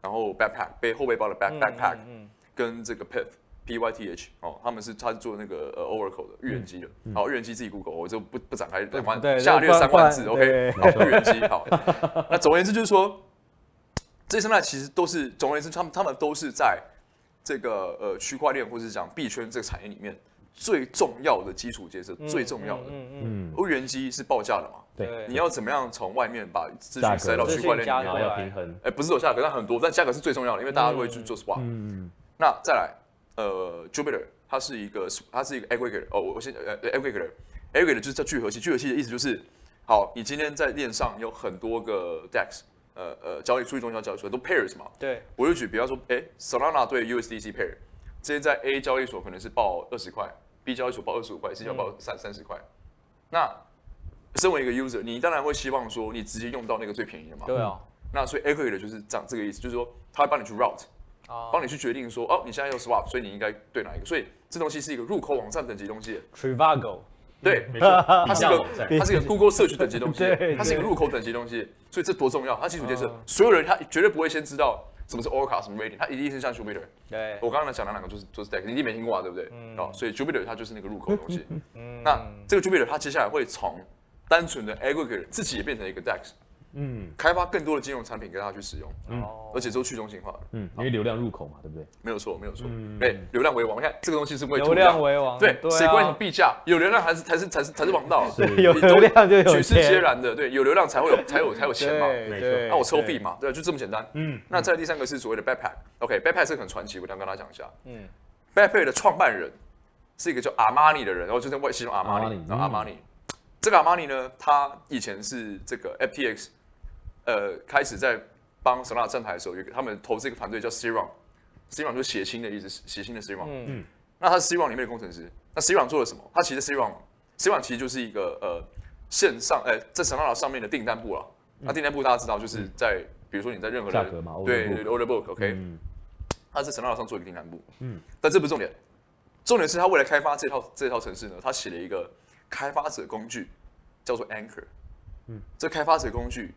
然後 Backpack 背後背包的 Back Backpack，、嗯嗯嗯、跟這個 Pip PYTH 哦，他們是他是做那個呃 Oracle 的預言機的，好預言機自己 Google，我就不不展開，兩萬下略三萬字，OK，好預言機，好。那總而言之就是說，這些生態其實都是，總而言之，他們他們都是在這個呃區塊鏈或是講幣圈這個產業裡面最重要的基礎建設，最重要的。嗯嗯。預言機是報價的嘛？對。你要怎麼樣從外面把資訊塞到區塊鏈？你要平衡。哎，不是說價格，但很多，但價格是最重要的，因為大家都會去做 swap 嗯嗯。那再來。呃，Jupiter 它是一個，它是一個 aggregator 哦，我先，呃，aggregator，aggregator 就是叫聚合器。聚合器的意思就是，好，你今天在鏈上有很多個 dex，呃呃，交易，數意中間交易所都 pairs 嘛。對。我就舉，比方說，哎、欸、Solana 對 USDC pair，之前在 A 交易所可能是報二十塊，B 交易所報二十五塊，C 交報三三十塊。嗯、那身為一個 user，你當然會希望說，你直接用到那個最便宜的嘛。對啊、哦。那所以 aggregator 就是長這個意思，就是說，它會幫你去 route。幫 你去決定說，哦，你現在要 swap，所以你應該對哪一個？所以這東西是一個入口網站等級的東西。Trivago，對、嗯，沒錯，它是一個 它是一個 Google 社區等級東西，它是一個入口等級的東西。所以這多重要？它基礎建設，所有人他絕對不會先知道什麼是 Orca 什麼 Rating，它一定是像 Jupiter。我剛剛講的兩個就是就是 DeX 你一定沒聽過啊，對不對？哦，所以 Jupiter 它就是那個入口的東西。那這個 Jupiter 它接下來會從單純的 aggregate 自己也變成一個 DeX。嗯，開發更多的金融產品給大家去使用，哦，而且都去中心化，嗯，因為流量入口嘛，對不對？沒有錯，沒有錯，對，流量為王，你看這個東西是不為，流量為王，對，誰關心幣價？有流量還是才是才是才是王道，對，有流量就有錢，舉世皆然的，對，有流量才會有才有才有錢嘛，沒錯，那我抽幣嘛，對，就這麼簡單，嗯，那在第三個是所謂的 Backpack，OK，Backpack 是很傳奇，我先跟大家講一下，嗯，Backpack 的創辦人是一個叫阿瑪尼的人，然後就在外系叫阿瑪尼，然後阿瑪尼，這個阿瑪尼呢，他以前是這個 FTX。呃，開始在幫 Solana 站台的時候，有他們投資一個團隊叫 Serum Serum 就是血清的意思，血清的 Serum 嗯那他是 Serum 裡面的工程師，那 Serum 做了什麼？他其實 Serum Serum 其實就是一個呃線上，哎、欸，在 Solana 上面的訂單簿了。嗯、那訂單簿大家知道，就是在、嗯、比如說你在任何的對 order book, 對 order book，OK。Book, okay? 嗯、他在 Solana 做上做訂單簿。嗯。但這不重點，重點是他為了開發這套這套程式呢，他寫了一個開發者工具，叫做 Anchor。嗯。這開發者工具。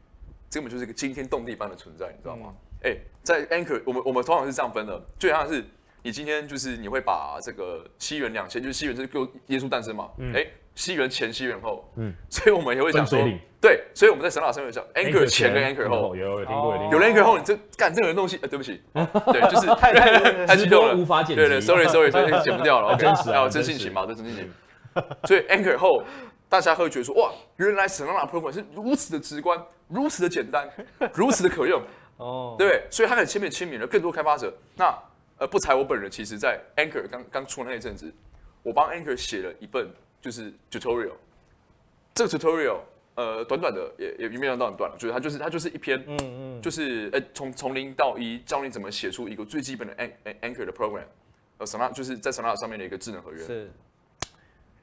根本就是一個驚天動地般的存在，你知道嗎？哎，在 Anchor 我們我們通常是這樣分的，就像是你今天就是你會把這個西元兩千，就是西元是過耶穌誕生嘛？哎，西元前西元後，嗯，所以我們也會講說，對，所以我們在 Solana 上面講 Anchor 前跟 Anchor 後，有有有，有了 Anchor 後，你這幹這個東西，對不起，對，就是太太多了，無法剪，對對，Sorry Sorry 所以你剪不掉了，真實啊，真性情嘛，這真性情，所以 Anchor 後大家會覺得說，哇，原來 Solana 那部分是如此的直觀，如此的簡單， 如此的可用，哦，oh. 對，所以他很親民，親民的，更多開發者。那呃，不才我本人，其實在 Anchor 剛剛出那一陣子，我幫 Anchor 寫了一份就是 tutorial。這個 tutorial，呃，短短的也也沒講到很短了，就是它就是它就是一篇，嗯嗯，就是呃從從零到一教你怎麼寫出一個最基本的 Anchor 的 program，呃，Solana 就是在 Solana 上面的一個智能合約。是。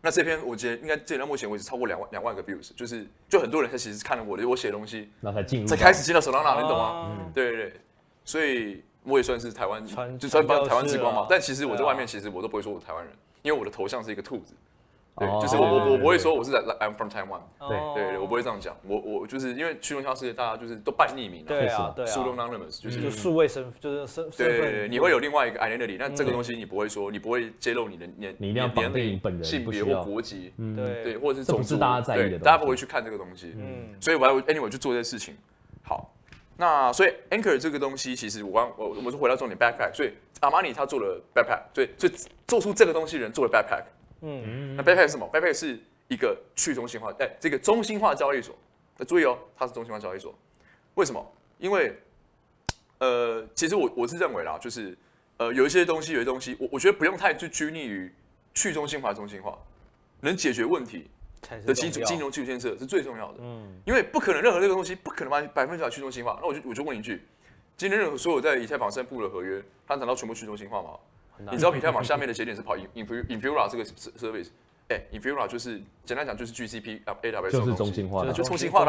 那這篇我覺得應該截止到目前為止，超過兩萬兩萬個 views，就是就很多人他其實是看了我的因為我寫的東西，那才進入才開始進到 Solana，你懂嗎、啊？嗯、對對對，所以我也算是台灣，穿就算幫台灣之光嘛。啊、但其實我在外面其實我都不會說我台灣人，啊、因為我的頭像是一個兔子。對，就是我我我不會說我是在 I'm from Taiwan。對對，我不會這樣講。我我就是因為去中心世界大家就是都半匿名的，對啊，對，pseudonymous 就是就是數位身就是對你會有另外一個 identity，那這個東西你不會說，你不會揭露你的你你你年齡、本人、性別或國籍，對對，或者是種族，大家不會去看這個東西。嗯，所以我要 anyway 去做這些事情。好，那所以 Anchor 這個東西其實我剛我我是回到重點 backpack，所以阿瑪尼他做了 backpack，所以所以做出這個東西的人做了 backpack。嗯，那 Backpack 是什麼？Backpack 是一個去中心化，哎，這個中心化交易所。那注意哦，它是中心化交易所。為什麼？因為，呃，其實我我是認為啦，就是，呃，有一些東西，有些東西，我我覺得不用太去拘泥於去中心化、中心化，能解決問題的基礎金融基礎建設是最重要的。要嗯，因為不可能任何這個東西不可能百分之百去中心化。那我就我就問一句，今天任何所有在以太坊上布的合約，它難道全部去中心化嗎？你知道 p t e a 下面的節點是跑 Inf Infura 這個 service，欸，Infura 就是簡單講就是 GCP、AWS，就是中心化的，就中心化。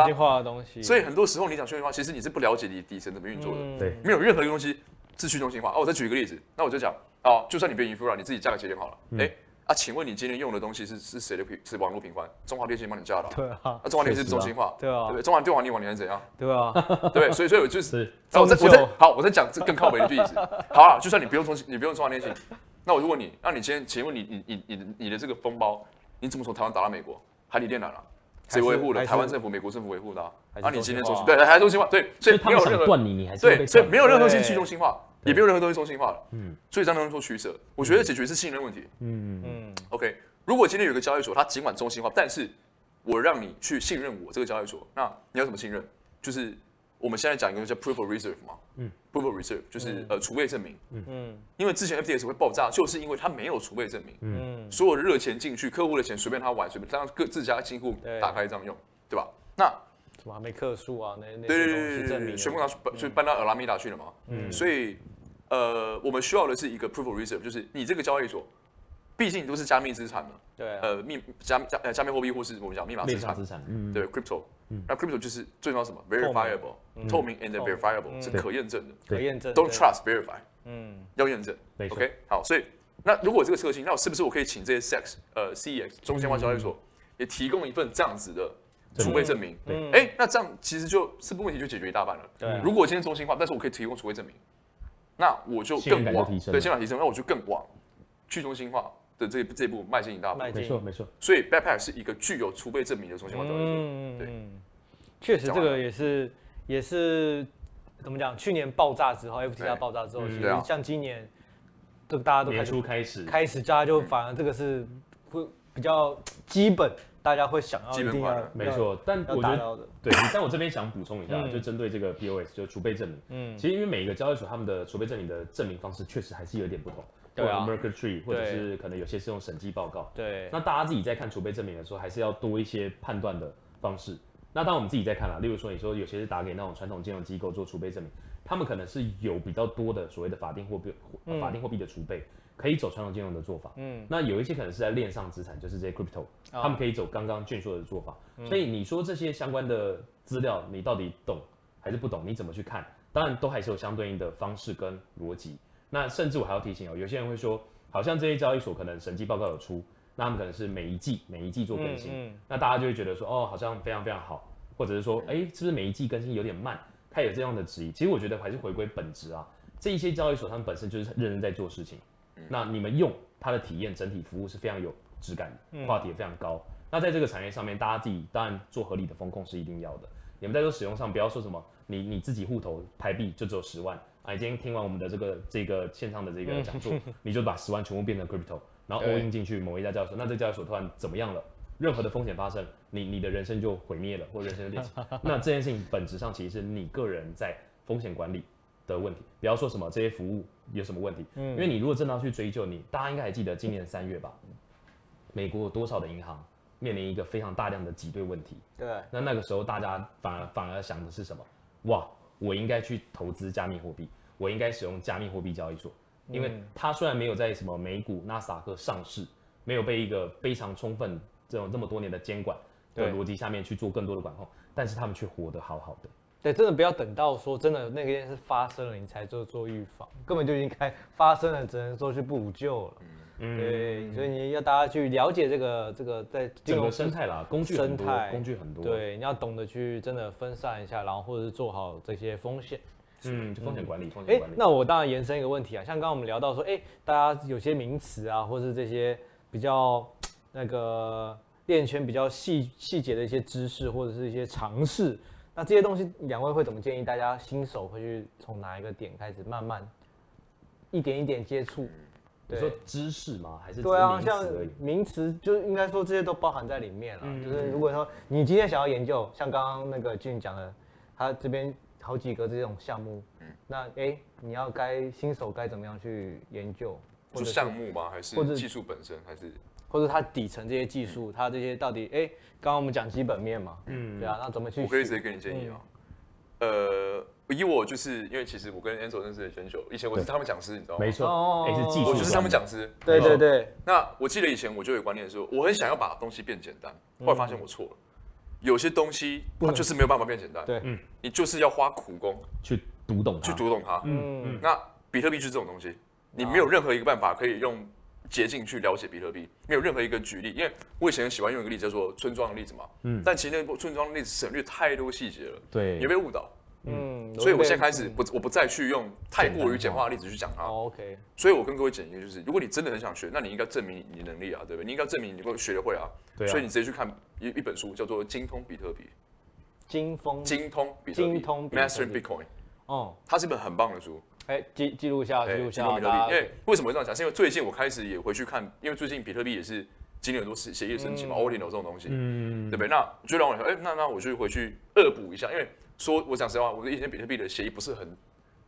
所以很多時候你講去中心化，其實你是不了解你底層怎麼運作的。沒有任何一個東西是去中心化。哦，我再舉一個例子，那我就講哦，就算你變 Infura，你自己加個節點好了，欸。嗯啊，請問你今天用的東西是是誰的頻？是網絡頻寬，中華電信幫你架的？啊。中華電信中心化？對啊。對不對？中華電網你往你是怎樣？對啊。對所以所以我就是，我在我在好，我在講這更靠北的句子。好啦，就算你不用中，你不用中華電信，那我就問你，那你今天，請問你你你你你的這個封包，你怎麼從台灣打到美國？海底電纜啊，誰維護的？台灣政府、美國政府維護的？啊，你今天中心對還是中心化？對，所以沒有任何對，所以沒有任何東西去中心化。也沒有任何東西中心化了，嗯，所以張教授說取舍，我覺得解決是信任問題，嗯嗯，OK，如果今天有個交易所，它儘管中心化，但是我讓你去信任我這個交易所，那你要怎麼信任？就是我們現在講一個叫 Proof of Reserve 嘛，嗯，Proof of Reserve 就是、嗯、呃儲備證明，嗯嗯，嗯因為之前 FTX 會爆炸，就是因為它沒有儲備證明，嗯，所有熱錢進去，客戶的錢隨便他玩，隨便他各自家金庫打開這樣用，對,對吧？那怎麼還沒客訴啊？那那些東西證明對對對對全部拿去搬到阿拉米達去了嘛，嗯，所以。呃，我們需要的是一個 proof of reserve，就是你這個交易所，畢竟都是加密資產嘛，對，呃，密加加呃加密貨幣或是我們講密碼資產，嗯，對，crypto，那 crypto 就是最重要什麼？verifiable，透明 and verifiable 是可驗證的，可驗證，don't trust verify，嗯，要驗證，OK，好，所以那如果這個特性，那我是不是我可以請這些 SEX 呃，CEX 中心化交易所也提供一份這樣子的儲備證明？哎，那這樣其實就這個問題就解決一大半了。對，如果今天中心化，但是我可以提供儲備證明。那我就更往對，現纜提升，那我就更往去中心化的這這，這一步邁進一大步，沒錯沒錯。沒錯所以，Backpack 是一個具有儲備證明的中心化交易所。嗯對。確實這個也是也是怎麼講？去年爆炸之後 FTX 對爆炸之後，嗯、其實像今年，這大家都開始開始扎，開始加就反而這個是會、嗯、比較基本。大家會想要，要，沒錯，但我覺得，對，但我這邊想補充一下，嗯、就針對這個 POS 就是儲備證明，嗯，其實因為每一個交易所他們的儲備證明的證明方式確實還是有點不同，對，Merkle Tree 或者是可能有些是用審計報告，對，那大家自己在看儲備證明的時候，還是要多一些判斷的方式。那當我們自己在看啦，例如說你說有些是打給那種傳統金融機構做儲備證明，他們可能是有比較多的所謂的法定貨幣，法定貨幣的儲備。嗯可以走傳統金融的做法，嗯，那有一些可能是在鏈上資產，就是這些 crypto，、哦、他們可以走剛剛俊說的做法。嗯、所以你說這些相關的資料，你到底懂還是不懂？你怎麼去看？當然都還是有相對應的方式跟邏輯。那甚至我還要提醒哦，有些人會說，好像這些交易所可能審計報告有出，那他們可能是每一季每一季做更新，嗯嗯、那大家就會覺得說，哦，好像非常非常好，或者是說，哎、欸，是不是每一季更新有點慢？他有這樣的質疑，其實我覺得還是回歸本質啊，這一些交易所他們本身就是認真在做事情。那你們用它的體驗，整體服務是非常有質感的。話題也非常高。嗯、那在這個產業上面，大家自己當然做合理的風控是一定要的。你們在做使用上，不要說什麼你你自己戶頭台幣就只有十萬啊，已經聽完我們的這個這個線上的這個講座， 你就把十萬全部變成 crypto，然後 all in 進去某一家交易所。對那這個交易所突然怎麼樣了？任何的風險發生，你你的人生就毀滅了，或者人生就變。 那這件事情本質上其實是你個人在風險管理。的問題，比方說什麼這些服務有什麼問題，嗯，因為你如果真的要去追究，你大家應該還記得今年三月吧，美國有多少的銀行面臨一個非常大量的擠兌問題，對，那那個時候大家反而反而想的是什麼？哇，我應該去投資加密貨幣，我應該使用加密貨幣交易所，因為它雖然沒有在什麼美股納斯達克上市，沒有被一個非常充分這種這麼多年的監管的邏輯下面去做更多的管控，對但是他們卻活得好好的。對，真的不要等到說真的那個件事發生了，你才做做預防，根本就已經發生了，只能說去補救了。嗯、對，所以你要大家去了解這個這個在，在這個生態啦，工具生態，工具很多。很多對，你要懂得去真的分散一下，然後或者是做好這些風險，嗯，風險管理，嗯、風險管理。欸、管理。那我當然延伸一個問題啊，像剛剛我們聊到說，哎、欸，大家有些名詞啊，或者是這些比較那個鏈圈比較細細節的一些知識，或者是一些常識那這些東西，兩位會怎麼建議大家新手會去從哪一個點開始，慢慢一點一點接觸？對。你說知識嗎？還是，是對啊，像名詞，就應該說，這些都包含在裡面了。嗯、就是如果說你今天想要研究，像剛剛那個俊講的，他這邊好幾個這種項目，嗯、那哎、欸，你要該新手該怎麼樣去研究？或者是就項目嗎？還是技術本身，或者，技術本身？還是？或者它底層這些技術，它這些到底？哎，剛剛我們講基本面嘛，嗯，對啊，那怎麼去？我可以直接給你建議啊。呃，以我就是因為其實我跟 Enzo 認識很久，以前我是他們講師，你知道嗎？沒錯，哦，我就是他們講師。對對對。那我記得以前我就有觀念說，我很想要把東西變簡單，後來發現我錯了。有些東西它就是沒有辦法變簡單，對，你就是要花苦功去讀懂它，去讀懂它，嗯，那比特幣就是這種東西，你沒有任何一個辦法可以用。捷徑去了解比特幣，沒有任何一個舉例，因為我以前喜歡用一個例子叫做村莊的例子嘛。嗯。但其實那部村莊的例子省略太多細節了，對，也被誤導。嗯。所以我現在開始不，我，我不再去用太過於簡化的例子去講它。哦。OK。所以我跟各位講一個，就是如果你真的很想學，那你應該證明你的能力啊，對不對？你應該證明你會學得會啊。對啊。所以你直接去看一一本書，叫做《精通比特幣》。精通，精通比特幣 Mastering Bitcoin。哦。它是一本很棒的書。哎、欸，記記錄一下，記錄一下。因為為什麼這樣講？是因為最近我開始也回去看，因為最近比特幣也是經歷很多事，協議升級嘛，奧特牛這種東西，嗯，對不對？那就讓我想，哎、欸，那那我就回去惡補一下，因為說我講實話，我覺得以前比特幣的協議不是很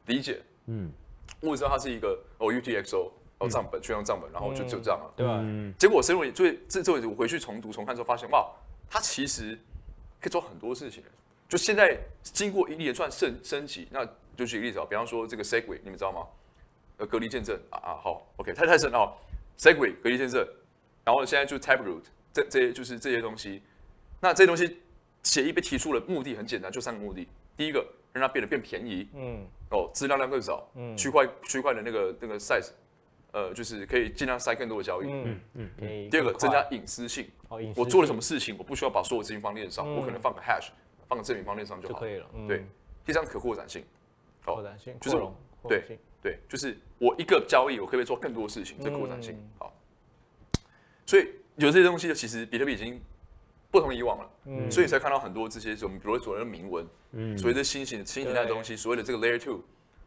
理解，嗯，我只知道它是一個哦 UTXO 哦賬本，嗯、去賬本，然後就就這樣了。嗯、對吧、啊？嗯、結果我深入，最這這位，我回去重讀重看之後，發現哇，它其實可以做很多事情。就現在經過一連串升升，升級，那。就是一個例子啊、喔，比方說這個 SegWit，你們知道嗎？呃，隔離見證啊啊，好，OK，太太深啊，SegWit 隔離見證，然後現在就 Taproot 這這些就是這些東西。那這些東西協議被提出的目的很簡單，就三個目的：第一個，讓它變得變便宜，嗯，哦，資料量更少，嗯，區塊區塊的那個那個 size，呃，就是可以盡量塞更多的交易，嗯嗯，嗯、第二個，更快 增加隱私性，哦、我做了什麼事情，我不需要把所有資金放鏈上，嗯、我可能放個 hash，放個證明放鏈上就好了。對。嗯、第三可擴展性。擴展性，就是對，對，就是我一個交易，我可以做更多事情，這擴展性好。所以有這些東西，就其實比特幣已經不同以往了，所以才看到很多這些，我們比如所謂的銘文，所謂的新型新型代的東西，所謂的這個 Layer Two，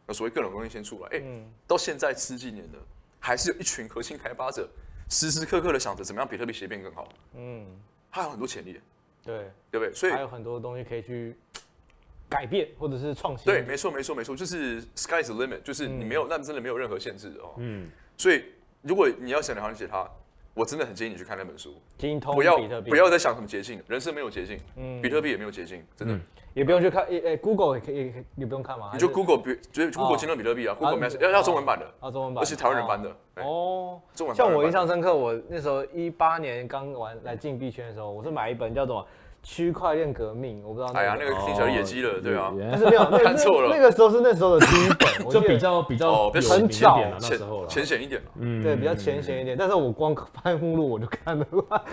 那所謂各種東西先出來，哎，到現在十幾年了，還是有一群核心開發者時時刻刻的想着怎麼樣比特幣鞋變更好，嗯，還有很多潛力，對，對不對？所以還有很多東西可以去改變或者是創新？對，沒錯，沒錯，沒錯，就是 sky's the limit，就是你沒有，那真的沒有任何限制哦。嗯，所以如果你要想了解它，我真的很建議你去看那本書。精通比特幣不要，不要再想什麼捷徑，人生沒有捷徑，嗯，比特幣也沒有捷徑，真的。也不用去看，誒誒，Google 也可以，也不用看嘛。你就 Google 比，就 Google 精通比特幣啊，Google 沒有，要要中文版的，要中文版，而且台灣人翻的哦，中文。像我印象深刻，我那時候一八年剛玩來進幣圈的時候，我是買一本叫做。區塊鏈革命，我不知道。哎呀，那個聽起來野雞了，對啊，但是沒有看錯了。那個時候是那時候的第一本，就比較比較很早的時候了，淺顯一點嘛。嗯，對，比較淺顯一點。但是我光翻目錄我就看了。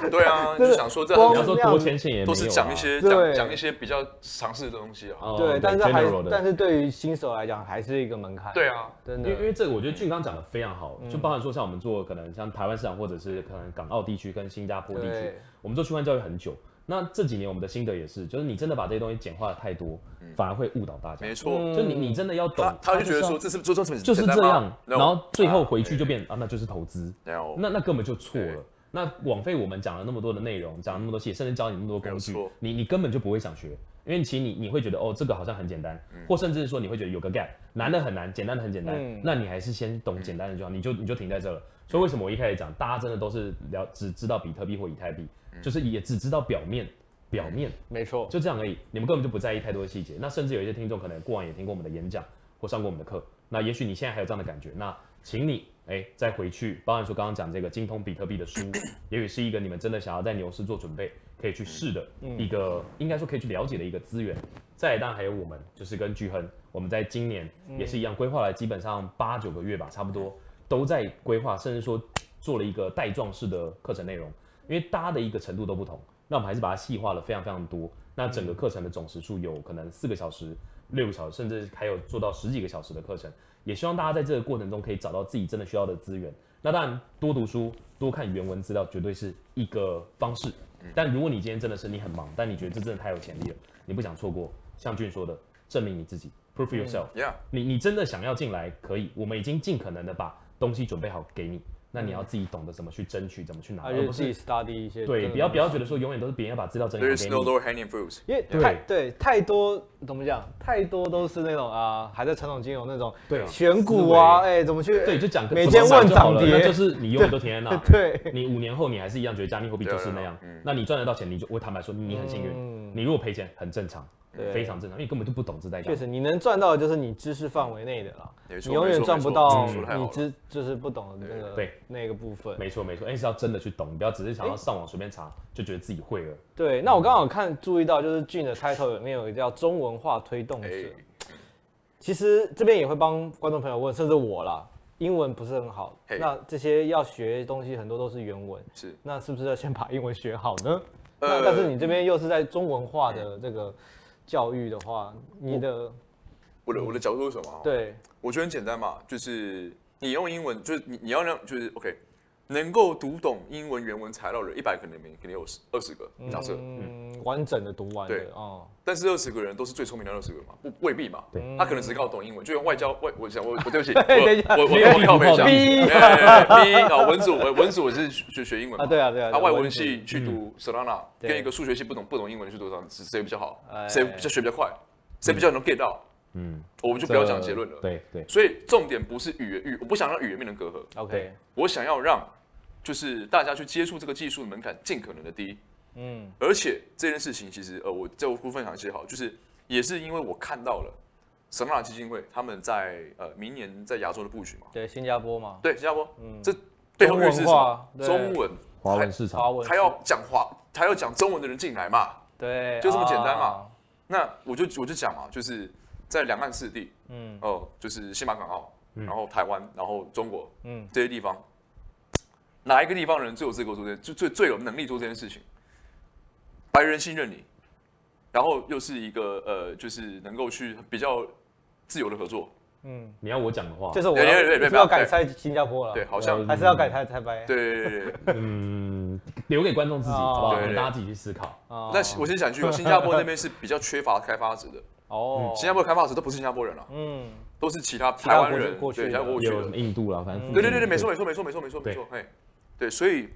對啊，就是想說這，你要說多淺顯也都是講一些講講一些比較常識的東西啊。對，但是還但是對於新手來講還是一個門檻。對啊，真的，因為因為這個我覺得俊剛講的非常好，就包含說像我們做可能像台灣市場或者是可能港澳地區跟新加坡地區，我們做區塊教育很久。那這幾年我們的心得也是，就是你真的把這些東西簡化了太多，嗯、反而會誤導大家。沒錯，嗯、就你你真的要懂，他會覺得說,說這是做做就是這樣，no, 然後最後回去就變啊，那就是投資，no, 那那根本就錯了。對那枉費我們講了那麼多的內容，講、嗯、了那麼多戲，甚至教你那麼多工具，你你根本就不會想學，嗯、因為其實你你會覺得哦，這個好像很簡單，嗯、或甚至說你會覺得有個 gap，難的很難，嗯、簡單的很簡單，嗯、那你還是先懂簡單的就好，你就你就停在這了。所以為什麼我一開始講，嗯、大家真的都是聊，只知道比特幣或以太幣，就是也只知道表面，表面、嗯、沒錯，就這樣而已，你們根本就不在意太多的細節。那甚至有一些聽眾可能過往也聽過我們的演講或上過我們的課，那也許你現在還有這樣的感覺，嗯、那請你。哎，再回去，包含說剛剛講這個精通比特幣的書， 也許是一個你們真的想要在牛市做準備，可以去試的一個，嗯、應該說可以去了解的一個資源。再來當然還有我們，就是跟鉅亨，我們在今年也是一樣，規劃了基本上八九個月吧，差不多都在規劃，甚至說做了一個帶狀式的課程內容，因為大家的一個程度都不同，那我們還是把它細化了非常非常多。那整個課程的總時數有可能四個小時。六個小時，甚至還有做到十幾個小時的課程，也希望大家在這個過程中可以找到自己真的需要的資源。那當然，多讀書、多看原文資料，絕對是一個方式。嗯。但如果你今天真的是你很忙，但你覺得這真的太有潛力了，你不想錯過，像俊說的，證明你自己，prove yourself。嗯。yeah，你你真的想要進來可以，我們已經盡可能的把東西準備好給你。那你要自己懂得怎麼去爭取，怎麼去拿，而不是 study 一些對，不要不要覺得說永遠都是別人要把資料整理給你，因為太對太多怎麼講，太多都是那種啊還在傳統金融那種對，選股啊，哎怎麼去對，就講每天問漲跌，就是你永遠都停在那，對，你五年後你還是一樣覺得加密貨幣就是那樣，那你賺得到錢，你就我坦白說你很幸運，你如果賠錢很正常。非常正常，因為根本就不懂這代表。確實，你能賺到的就是你知識範圍內的了，你永遠賺不到你知就是不懂的那個對那個部分。沒錯沒錯，誒，是要真的去懂，不要只是想要上網隨便查就覺得自己會了。對，那我剛好看注意到，就是俊的開頭裡面有一個叫“中文化推動者”，其實這邊也會幫觀眾朋友問，甚至我啦，英文不是很好，那這些要學東西很多都是原文，是那是不是要先把英文學好呢？那但是你這邊又是在中文化的這個。教育的話，你的，我，我的我的角度是什麼？對，我覺得很簡單嘛，就是你用英文，就是你你要讓就是 OK。能夠讀懂英文原文材料的人，一百可能裡面肯定有十二十個。假設完整的讀完，對哦。但是二十個人都是最聰明的二十個嘛？不，未必嘛。他可能只靠懂英文，就用外交外。我想，我，對不起，我我我靠，沒想。沒有，沒有。啊，文組我文組是學學英文啊，對啊對啊。他外文系去讀 Solana 跟一個數學系不懂不懂英文去讀，誰比較好？誰比較學比較快？誰比較能 get 到？嗯，我們就不要講結論了。對對。所以重點不是語言，語我不想讓語言變成隔閡。OK，我想要讓。就是大家去接觸這個技術的門檻盡可能的低，嗯，而且這件事情其實呃，我就不分享一些好，就是也是因為我看到了神馬基金會他們在呃明年在亞洲的布局嘛，對新加坡嘛，對新加坡，嗯，這背後是中文、華文市場，還要講華還要講中文的人進來嘛，對，就這麼簡單嘛。那我就我就講嘛，就是在兩岸四地，嗯，哦，就是新馬港澳，然後台灣，然後中國，嗯，這些地方。哪一個地方人最有資格做這些，最最有能力做這件事情？白人信任你，然後又是一個呃，就是能夠去比較自由的合作。嗯，你要我講的話，就是我要改猜新加坡了，對，好像還是要改猜台北。對對對對，嗯，留給觀眾自己好不好？大家自己去思考。那我先講一句，新加坡那邊是比較缺乏開發者的。哦，新加坡開發者都不是新加坡人了，嗯，都是其他台灣人過去，有印度了，反正對對對，沒錯沒錯沒錯沒錯沒錯沒錯，嘿。對，所以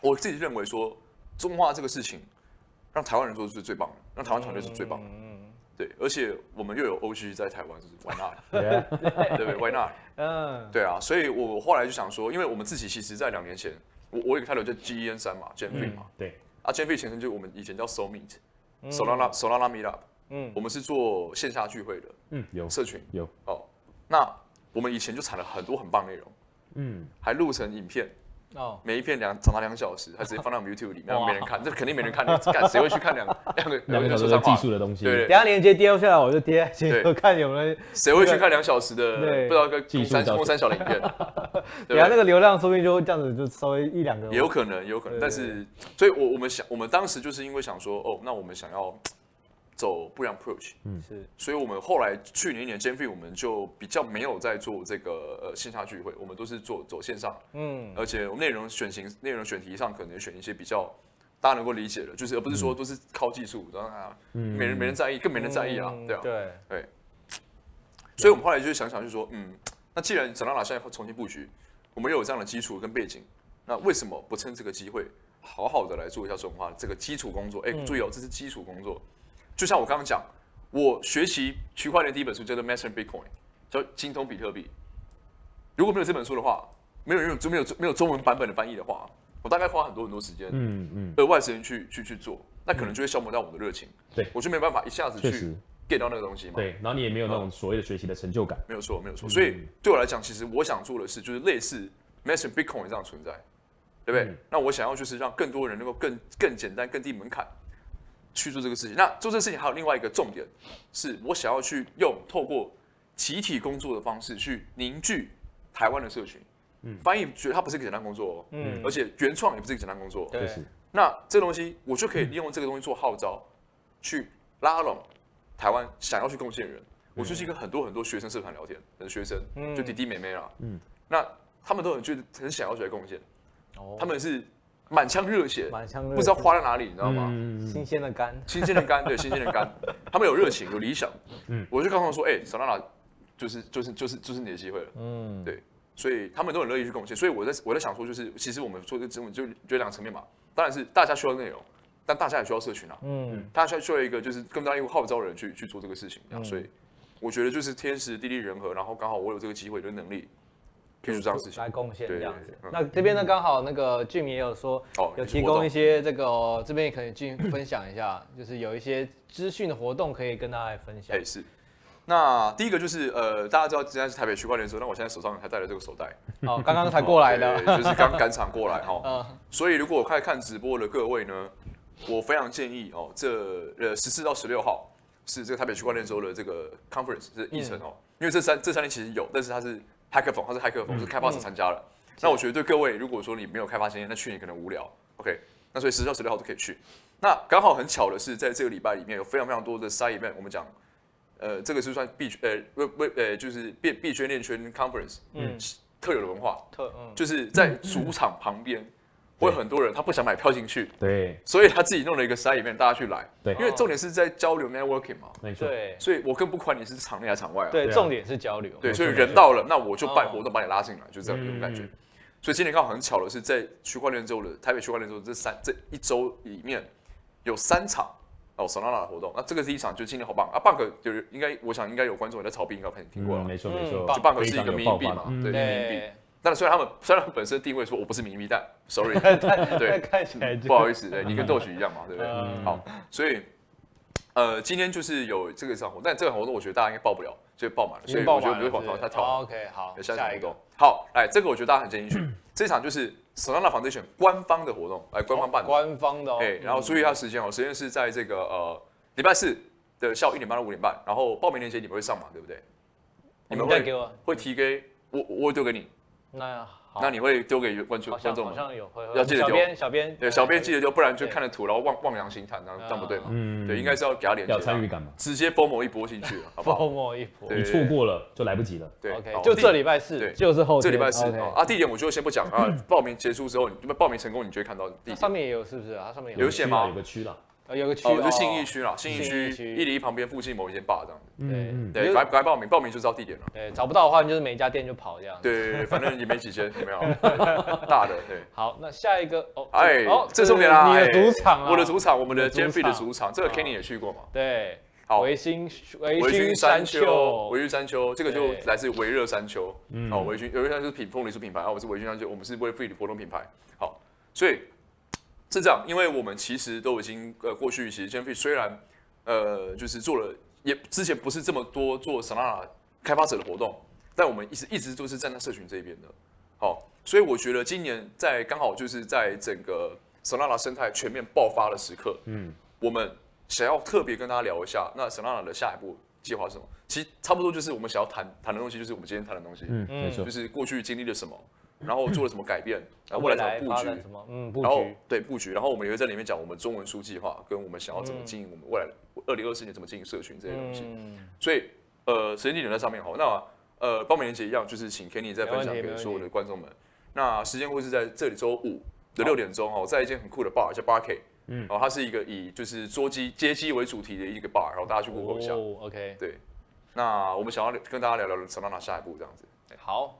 我自己認為說，中化這個事情讓台灣人做的是最棒的，讓台灣團隊是最棒的。Mm hmm. 對，而且我們又有 OG 在台灣，Why not？Yeah. 對不對？Why not？嗯，uh. 對啊，所以我後來就想說，因為我們自己其實，在兩年前，我我有個台流叫 GEN 三嘛，Gen Three 嘛，對，啊，Gen Three 前身就是我們以前叫 SoulMeet，Solana Solana Meet Up，嗯，我們是做線下聚會的，嗯、mm hmm.，有社群有哦，那我們以前就產了很多很棒內容。嗯，還錄成影片，哦，每一片兩長達兩小時，還直接放到 YouTube 裡面，沒人看，這肯定沒人看，你看誰會去看兩兩個，兩個小時的技術的東西，對，等下鏈接跌下來，我就跌下去看有沒誰會去看兩小時的，不知道個公三小三小影片，等下那個流量說不定就會這樣子，就稍微一兩個，有可能，有可能，但是，所以，我我們想，我們當時就是因為想說，哦，那我們想要。走不一樣 approach，嗯，是，所以我們後來去年一年 g a n 我們就比較沒有在做這個呃線下聚會，我們都是做走線上，嗯，而且內容選型、內容選題上可能選一些比較大家能夠理解的，就是而不是說都是靠技術，然後、嗯、啊，沒人、沒人在意，更沒人在意啊，嗯、對啊，對，對，所以我們後來就想想，就說，嗯，那既然整到了現在重新布局，我們又有這樣的基礎跟背景，那為什麼不趁這個機會好好的來做一下這種話？這個基礎工作？哎、欸，注意哦，嗯、這是基礎工作。就像我剛剛講，我學習區塊鏈第一本書叫做《Mastering Bitcoin》，叫《精通比特幣》。如果沒有這本書的話，沒有人有中沒有沒有中文版本的翻譯的話，我大概花很多很多時間、嗯，嗯嗯，被外星人去去去做，那可能就會消磨掉我的熱情。對、嗯，我就沒有辦法一下子去 get 到那個東西嘛。對，嗯、然後你也沒有那種所謂的學習的成就感。沒有錯，沒有錯。所以對我來講，其實我想做的是，就是類似《Mastering Bitcoin》這樣存在，對不對？嗯、那我想要就是讓更多人能夠更更簡單、更低門檻。去做這個事情，那做這個事情還有另外一個重點，是我想要去用透過集體工作的方式去凝聚台灣的社群。嗯、翻譯覺得它不是一個簡單工作，嗯，而且原創也不是一個簡單工作，對、嗯。那這東西我就可以利用這個東西做號召，嗯、去拉攏台灣想要去貢獻的人。嗯、我就是一個很多很多學生社團聊天的學生，就弟弟妹妹啦，嗯，那他們都很覺得很想要去來貢獻，哦，他們是。滿腔熱血，不知道花在哪裡，你知道嗎？嗯嗯嗯、新鮮的肝，新鮮的肝，對，新鮮的肝， 他們有熱情，有理想，嗯，我就剛剛說，哎，小娜娜，就是就是就是就是你的機會了，嗯，對，所以他們都很樂意去貢獻，所以我在我在想說，就是其實我們做這，就就兩個層面嘛，當然是大家需要內容，但大家也需要社群啊，嗯，大家需要一個就是更加一個號召人去去做這個事情，啊，所以我覺得就是天時地利人和，然後剛好我有這個機會跟能力。就這樣事情來貢獻這樣子，嗯、那這邊呢，剛好那個俊明也有說，有提供一些這個、喔、這邊也可以進分享一下，就是有一些資訊的活動可以跟大家來分享。是，那第一個就是呃，大家知道今天是台北區塊鏈周，那我現在手上還帶了這個手袋，哦，剛剛才過來的，哦、就是剛趕場過來哈。 嗯、所以如果在看，看直播的各位呢，我非常建議哦、喔，這呃十四到十六號是這個台北區塊鏈周的這個 conference 是議程、嗯、哦、喔、因為這三這三天其實有，但是它是。麥克風，它是麥克風是開發者參加的。嗯、那我覺得對各位，如果說你沒有開發經驗，那去你可能無聊，OK，那所以十到十六號都可以去。那剛好很巧的是，在這個禮拜裡面有非常非常多的 side event，我們講，呃，這個是算幣呃不不呃就是幣幣圈鏈圈 conference，嗯，特有的文化，特，嗯、就是在主場旁邊。嗯嗯會很多人他不想買票進去，對，所以他自己弄了一個篩裡面大家去來，因為重點是在交流 networking 嘛，沒錯，對，所以我更不管你是場內還是場外，對，重點是交流，對，所以人到了，那我就辦活動把你拉進來，就這樣的一種感覺。所以今年好很巧的是，在區塊鏈之後的台北區塊鏈之後，這三這一週裡面有三場哦，s o a 拿 a 的活動，那這個是一場，就今年好棒啊，bug 就應該我想應該有觀眾在草幣，應該可能聽過，沒錯沒錯，就 bug 自己的人幣嘛，對，人幣。那雖然他們雖然本身定位說我不是迷迷蛋，sorry，對，不好意思，對，你跟豆許一樣嘛，對不對？好，所以呃，今天就是有這個活動，但這個活動我覺得大家應該報不了，所以報滿了，所以我覺得劉廣濤他跳 OK 好，下場一個，好，哎，這個我覺得大家很建議去。這場就是 Solana Foundation 官方的活動，哎，官方辦，官方的，哎，然後注意一下時間哦，時間是在這個呃禮拜四的下午一點半到五點半，然後報名鏈接你們會上嘛，對不對？你們會會提給我我會丟給你。那那你會丟給觀眾像這種，好像有會，要記得丟。小編，對，小編記得丟，不然就看了圖，然後望望洋興嘆，然這樣不對嘛，對，應該是要給他連。要參與感嘛。直接 FOMO 一波進去，好不好？FOMO 一波。你錯過了就來不及了。對，就這禮拜四，就是後這禮拜四啊。地點我就先不講啊，報名結束之後，你報名成功，你就會看到地。上面也有是不是啊？上面有。有寫嗎？有個區的。有個區，就信義區啦，信義區，義禮旁邊附近某一間吧，這樣子。對對，來來報名，報名就知道地點了。對，找不到的話，你就是每一家店就跑這樣。對，反正也沒幾間，有沒有？大的對。好，那下一個哦。哎，哦，這重點啦，你的主場啊，我的主場，我們的減肥的主場。這個 Kenny 也去過嘛？對。好，維新維新山丘，維新山丘，這個就來自維熱山丘。好，維新維熱山丘是品鳳梨酥品牌啊，我是維新山丘，我們是維費的活動品牌。好，所以。是這樣，因為我們其實都已經呃，過去其實 JF 雖然呃，就是做了也之前不是這麼多做 Solana 開發者的活動，但我們一直一直都是站在社群這一邊的，好，所以我覺得今年在剛好就是在整個 Solana 生態全面爆發的時刻，嗯，我們想要特別跟大家聊一下，那 Solana 的下一步計劃是什麼？其實差不多就是我們想要談談的東西，就是我們今天談的東西，嗯，沒錯，就是過去經歷了什麼。 然後做了什麼改變？然後未來怎麼布局？嗯，然後對布局，然後我們也會在裡面講我們中文書計劃跟我們想要怎麼經營我們未來二零二四年怎麼經營社群這些東西。嗯、所以，呃，時間地點在上面。好，那呃，幫忙連結，一樣，就是請 Kenny 再分享給所有的觀眾們。那時間會是在這裡周五的六點鐘哦，哦，在一間很酷的 bar 叫 Bar K，嗯，然後它是一個以就是桌機街機為主題的一個 bar，然後大家去互動一下。OK，、哦、對。Okay 那我們想要跟大家聊聊 Solana 下一步這樣子。好。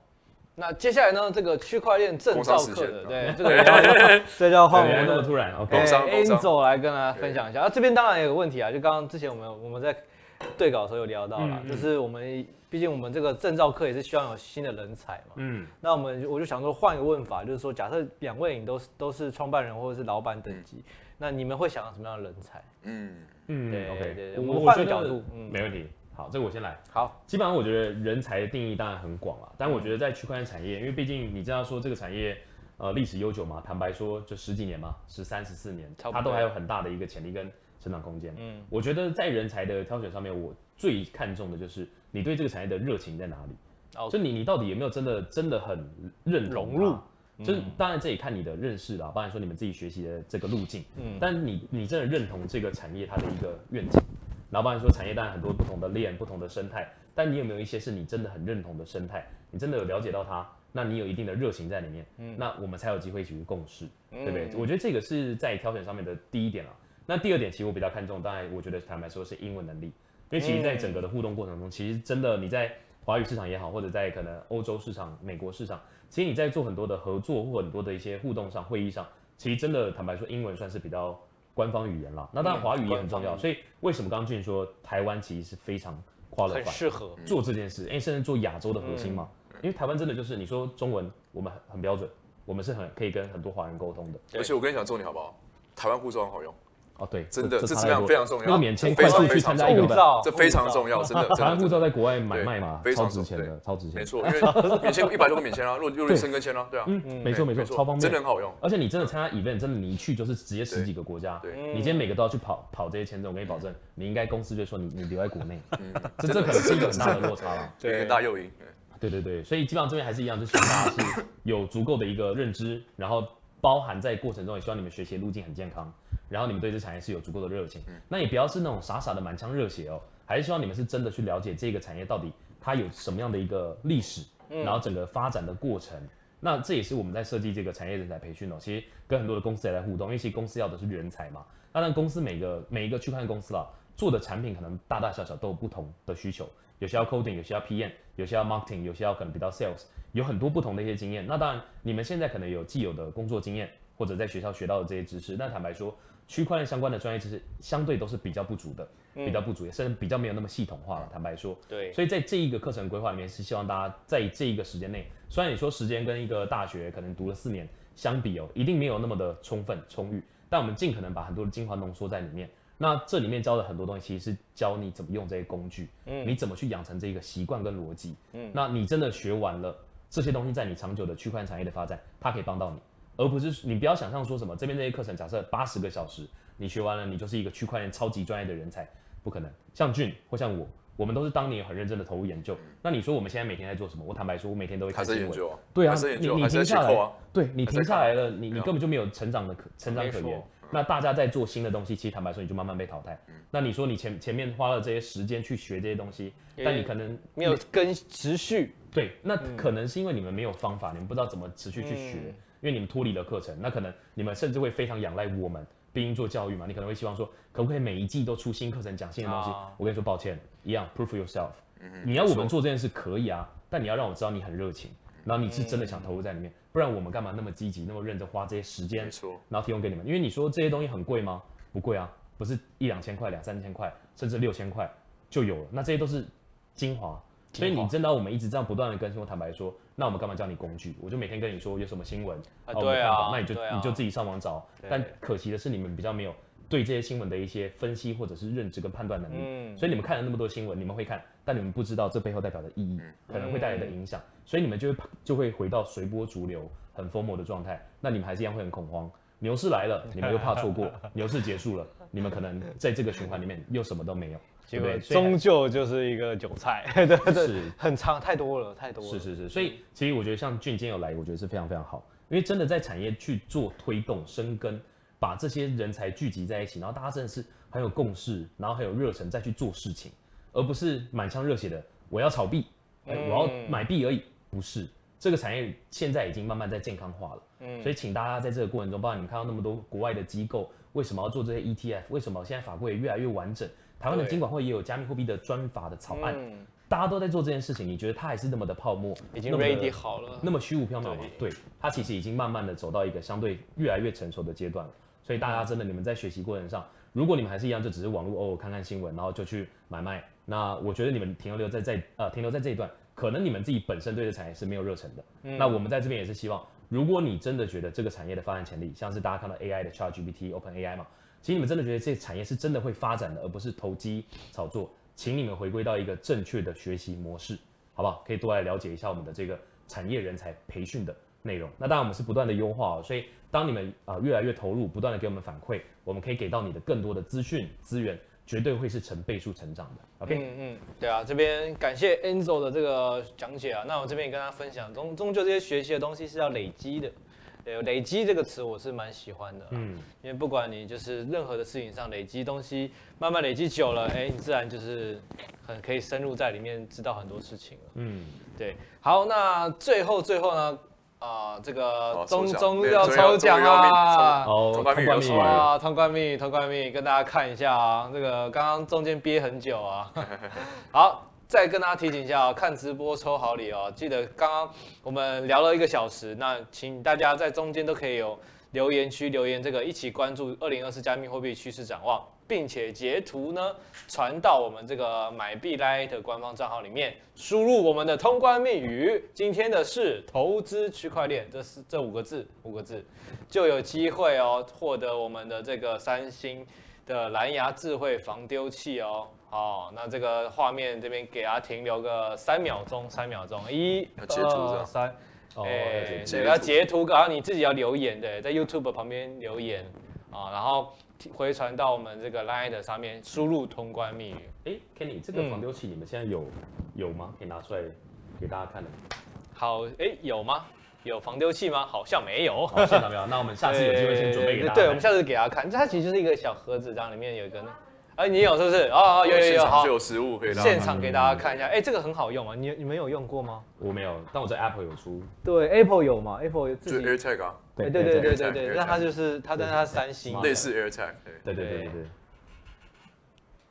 那接下來呢？這個區塊鏈證照課的，對，這叫畫面不那麼突然。Angel 來跟大家分享一下。啊，這邊當然有個問題啊，就剛剛之前我們我們在對稿的時候有聊到了，就是我們畢竟我們這個證照課也是需要有新的人才嘛。嗯。那我們我就想說，換一個問法，就是說，假設兩位你都是都是創辦人或者是老板等級，那你們會想要什麼樣的人才？嗯對。OK，對，我們換個角度，嗯，沒問題。好，這個我先來。好，基本上我覺得人才的定義當然很廣了，但我覺得在區塊鏈產業，嗯、因為畢竟你知道說這個產業呃歷史悠久嘛，坦白說就十幾年嘛，十三十四年，它都還有很大的一個潛力跟成長空間。嗯，我覺得在人才的挑選上面，我最看重的就是你對這個產業的熱情在哪裡，哦、嗯，就你你到底有沒有真的真的很認同，嗯、就是當然這也看你的認識了，包含說你們自己學習的這個路徑，嗯，但你你真的認同這個產業它的一個願景。老闆說，產業當然很多不同的鏈，不同的生態。但你有沒有一些是你真的很認同的生態？你真的有了解到它？那你有一定的熱情在裡面，嗯，那我們才有機會一起去共事，嗯、對不對？我覺得這個是在挑選上面的第一點了。那第二點，其實我比較看重，當然，我覺得坦白說，是英文能力。因為其實在整個的互動過程中，嗯、其實真的你在華語市場也好，或者在可能歐洲市場、美國市場，其實你在做很多的合作或很多的一些互動上、會議上，其實真的坦白說，英文算是比較。官方語言啦，那當然華語也很重要。嗯、所以為什麼剛剛俊說台灣其實是非常跨的，很適合做這件事，因、欸、為甚至做亞洲的核心嘛。嗯、因為台灣真的就是你說中文，我們很，很標準，我們是很可以跟很多華人溝通的。對而且我跟你講，重點好不好？台灣護照很好用。哦，對，真的，這質量非常重要。那個免簽，快速去參加一個，這非常重要，真的。海外護照在國外買賣嘛，超值錢的，超值錢。沒錯，因為免簽一百多個免簽啊，落地又申根簽啊，對啊。嗯嗯，沒錯沒錯，超方便，真的很好用。而且你真的參加 event，真的你一去就是直接十幾個國家，你今天每個都要去跑跑這些簽證，我跟你保證，你應該公司就說你你留在國內，這這可能是一個很大的落差了，很大誘因。對對對，所以基本上這邊還是一樣，就是希望大家有足夠的一個認知，然後包含在過程中，也希望你們學習路徑很健康。然後你們對這產業是有足夠的熱情，嗯、那也不要是那種傻傻的滿腔熱血哦，還是希望你們是真的去了解這個產業到底它有什麼樣的一個歷史，嗯、然後整個發展的過程。那這也是我們在設計這個產業人才培訓哦，其實跟很多的公司也在互動，因為其實公司要的是人才嘛。當然，公司每個每一個區塊鏈公司啊，做的產品可能大大小小都有不同的需求，有些要 coding，有些要 PM，有些要 marketing，有些要可能比較 sales，有很多不同的一些經驗。那當然你們現在可能有既有的工作經驗或者在學校學到的這些知識，那坦白說。區塊鏈相關的專業其實相對都是比較不足的，嗯、比較不足，也甚至比較沒有那麼系統化了。坦白說，對，所以在這一個課程規劃裡面，是希望大家在這一個時間內，雖然你說時間跟一個大學可能讀了四年相比哦，一定沒有那麼的充分充裕，但我們盡可能把很多的精華濃縮在裡面。那這裡面教的很多東西，其實是教你怎麼用這些工具，嗯，你怎麼去養成這個習慣跟邏輯，嗯，那你真的學完了這些東西，在你長久的區塊鏈產業的發展，它可以幫到你。而不是你不要想象說什麼這邊這些課程，假設八十個小時你學完了，你就是一個區塊鏈超級專業的人才，不可能。像俊或像我，我們都是當年很認真的投入研究。那你說我們現在每天在做什麼？我坦白說，我每天都會看新聞。對啊，你你停下來，對你停下來了，你你根本就沒有成長的可成長可言。那大家在做新的東西，其實坦白說，你就慢慢被淘汰。那你說你前前面花了這些時間去學這些東西，但你可能沒有跟持續。對，那可能是因為你們沒有方法，你們不知道怎麼持續去學。因為你們脫離了課程，那可能你們甚至會非常仰賴我們，並做教育嘛。你可能會希望說，可不可以每一季都出新課程，講新的東西？Oh. 我跟你說，抱歉，一樣，proof yourself。嗯哼。你要我們做這件事可以啊，嗯哼。但你要讓我知道你很熱情，嗯哼。然後你是真的想投入在裡面，嗯哼。不然我們幹嘛那麼積極，那麼認真花這些時間，沒錯。然後提供給你們？因為你說這些東西很貴嗎？不貴啊，不是一兩千塊、兩三千塊，甚至六千塊就有了。那這些都是精華。所以你真的，我們一直這樣不斷地更新。我坦白說，那我們幹嘛教你工具？我就每天跟你說有什麼新聞啊，對啊、哦，那你就、哦、你就自己上網找。對對對對，但可惜的是，你們比較沒有對這些新聞的一些分析或者是認知跟判斷能力。嗯、所以你們看了那麼多新聞，你們會看，但你們不知道這背後代表的意義，嗯、可能會帶來的影響。所以你們就會就會回到隨波逐流、很瘋魔的狀態。那你們還是一樣會很恐慌。牛市來了，你們又怕錯過； 牛市結束了，你們可能在這個循環裡面又什麼都沒有。結果終究就是一個韭菜，對對，很長，太多了，太多了。是是是，所以其實我覺得像俊堅有來，我覺得是非常非常好，因為真的在產業去做推動、生根，把這些人才聚集在一起，然後大家真的是很有共識，然後很有熱忱再去做事情，而不是滿腔熱血的我要炒幣，欸、嗯、我要買幣而已，不是。這個產業現在已經慢慢在健康化了，嗯、所以請大家在這個過程中，包括你們看到那麼多國外的機構，為什麼要做這些 ETF？為什麼現在法規也越來越完整？台灣的金管會也有加密貨幣的專法的草案，嗯、大家都在做這件事情。你覺得它還是那麼的泡沫？已經 ready 好了，那麼虛無縹緲嗎？對，它其實已經慢慢的走到一個相對越來越成熟的階段了。所以大家真的，嗯、你們在學習過程上，如果你們還是一樣，就只是網絡偶爾看看新聞，然後就去買賣，那我覺得你們停留在在呃停留在這一段，可能你們自己本身對這產業是沒有熱忱的。嗯、那我們在這邊也是希望，如果你真的覺得這個產業的發展潛力，像是大家看到 AI 的 ChatGPT、OpenAI 嘛。其實你們真的覺得這些產業是真的會發展的，而不是投機炒作，請你們回歸到一個正確的學習模式，好不好？可以多來了解一下我們的這個產業人才培訓的內容。那當然，我們是不斷的優化啊、哦，所以當你們啊、呃、越來越投入，不斷的給我們反饋，我們可以給到你的更多的資訊資源，絕對會是成倍數成長的。OK，嗯嗯，對啊，這邊感謝 Enzo 的這個講解啊。那我這邊也跟大家分享，終終究這些學習的東西是要累積的。對，累積這個詞我是蠻喜歡的，嗯，因為不管你就是任何的事情上累積東西，慢慢累積久了，欸，你自然就是很可以深入在裡面知道很多事情了，嗯，對，好，那最後最後呢，啊、呃，這個終終於要抽獎啊，哦好，通關，通關啊，通關密，通關密，跟大家看一下啊，這個剛剛中間憋很久啊， 好。再跟大家提醒一下啊、哦，看直播抽好禮哦！記得剛剛我們聊了一個小時，那請大家在中間都可以有留言區留言，這個一起關注二零二四加密貨幣趨勢展望，並且截圖呢傳到我們這個買幣 LINE 的官方賬號裡面，輸入我們的通關密語，今天的是投資區塊鏈，這是這五個字，五個字就有機會哦，獲得我們的這個三星的藍牙智慧防丟器哦。哦，那這個畫面這邊給它停留個三秒鐘，三秒鐘，一、二、三，哎，對，要截圖，然後你自己要留言的，在 YouTube 旁邊留言啊、哦，然後回傳到我們這個 Line 的上面，輸入通關密語。哎、嗯、Kenny 這個防丟器你們現在有、嗯、有嗎？可以拿出來給大家看的。好，哎，有嗎？有防丟器嗎？好像沒有。好像、哦、沒有， 那我們下次有機會先準備給大家對。對，我們下次給大家看，這它其實是一個小盒子，這樣裡面有一個呢。哎，你有是不是？哦哦，有有有，好，現場有實物可以現場給大家看一下。哎，這個很好用啊，你你們有用過嗎？我沒有，但我在 Apple 有出。對，Apple 有嘛？Apple 有。就 AirTag 啊？對對對對對，那它就是它在它三星類似 AirTag，對對對對。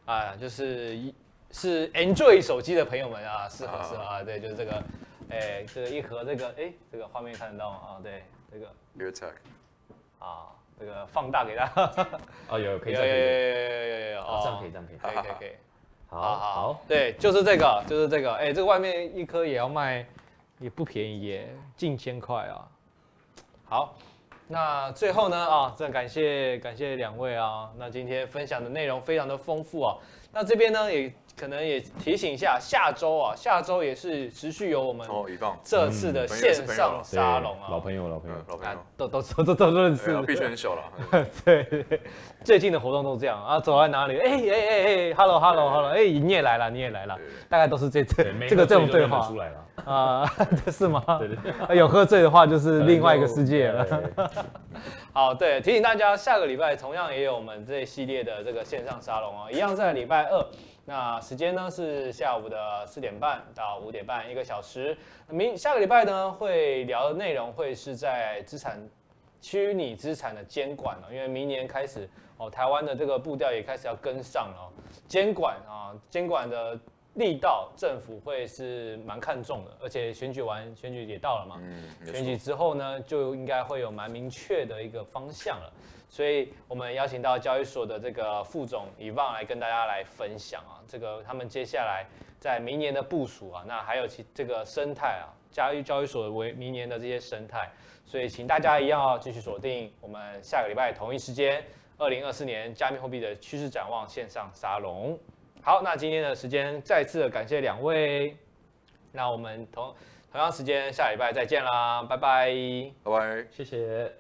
啊，就是一是 Android 手機的朋友們啊，是好是好啊，對，就是這個，哎，這個一盒這個，哎，這個畫面看得到嗎？啊，對，這個 AirTag，啊。這個放大給他，啊哦，有可以這樣可以這樣可以可以可以好，好好對，就是這個就是這個，哎，這個外面一顆也要賣也不便宜耶，近、就是、千塊啊。好，那最後呢？啊、哦、再感謝感謝兩位啊，那今天分享的內容非常的豐富啊，那這邊呢，也。可能也提醒一下，下週啊，下週也是持續有我們這次的線上沙龍啊，老朋友，老朋友，老朋友，都都都都認識了，必須很少了。對，最近的活動都是這樣啊，走在哪裡，哎哎哎哎，Hello Hello Hello，哎，你也來了，你也來了，大概都是這這這個這種對話出來了啊，是嗎？對對，有喝醉的話就是另外一個世界了。好，對，提醒大家，下個禮拜同樣也有我們這一系列的這個線上沙龍啊，一樣在禮拜二。那時間呢是下午的四點半到五點半，一個小時。明下個禮拜呢會聊的內容會是在資產、虛擬資產的監管喔，因為明年開始哦、喔，台灣的這個步調也開始要跟上了喔。監管啊，監管的力道，政府會是蠻看重的，而且選舉完，選舉也到了嘛，嗯，選舉之後呢就應該會有蠻明確的一個方向了。所以，我們邀請到交易所的這個副總 Evan 來跟大家來分享啊，這個他們接下來在明年的部署啊，那還有其這個生態啊，加密交易所為明年的這些生態，所以請大家一樣哦，繼續鎖定我們下個禮拜同一時間，二零二四年加密貨幣的趨勢展望線上沙龍。好，那今天的時間再次的感謝兩位，那我們同同樣時間下禮拜再見啦，拜拜，拜拜，謝謝。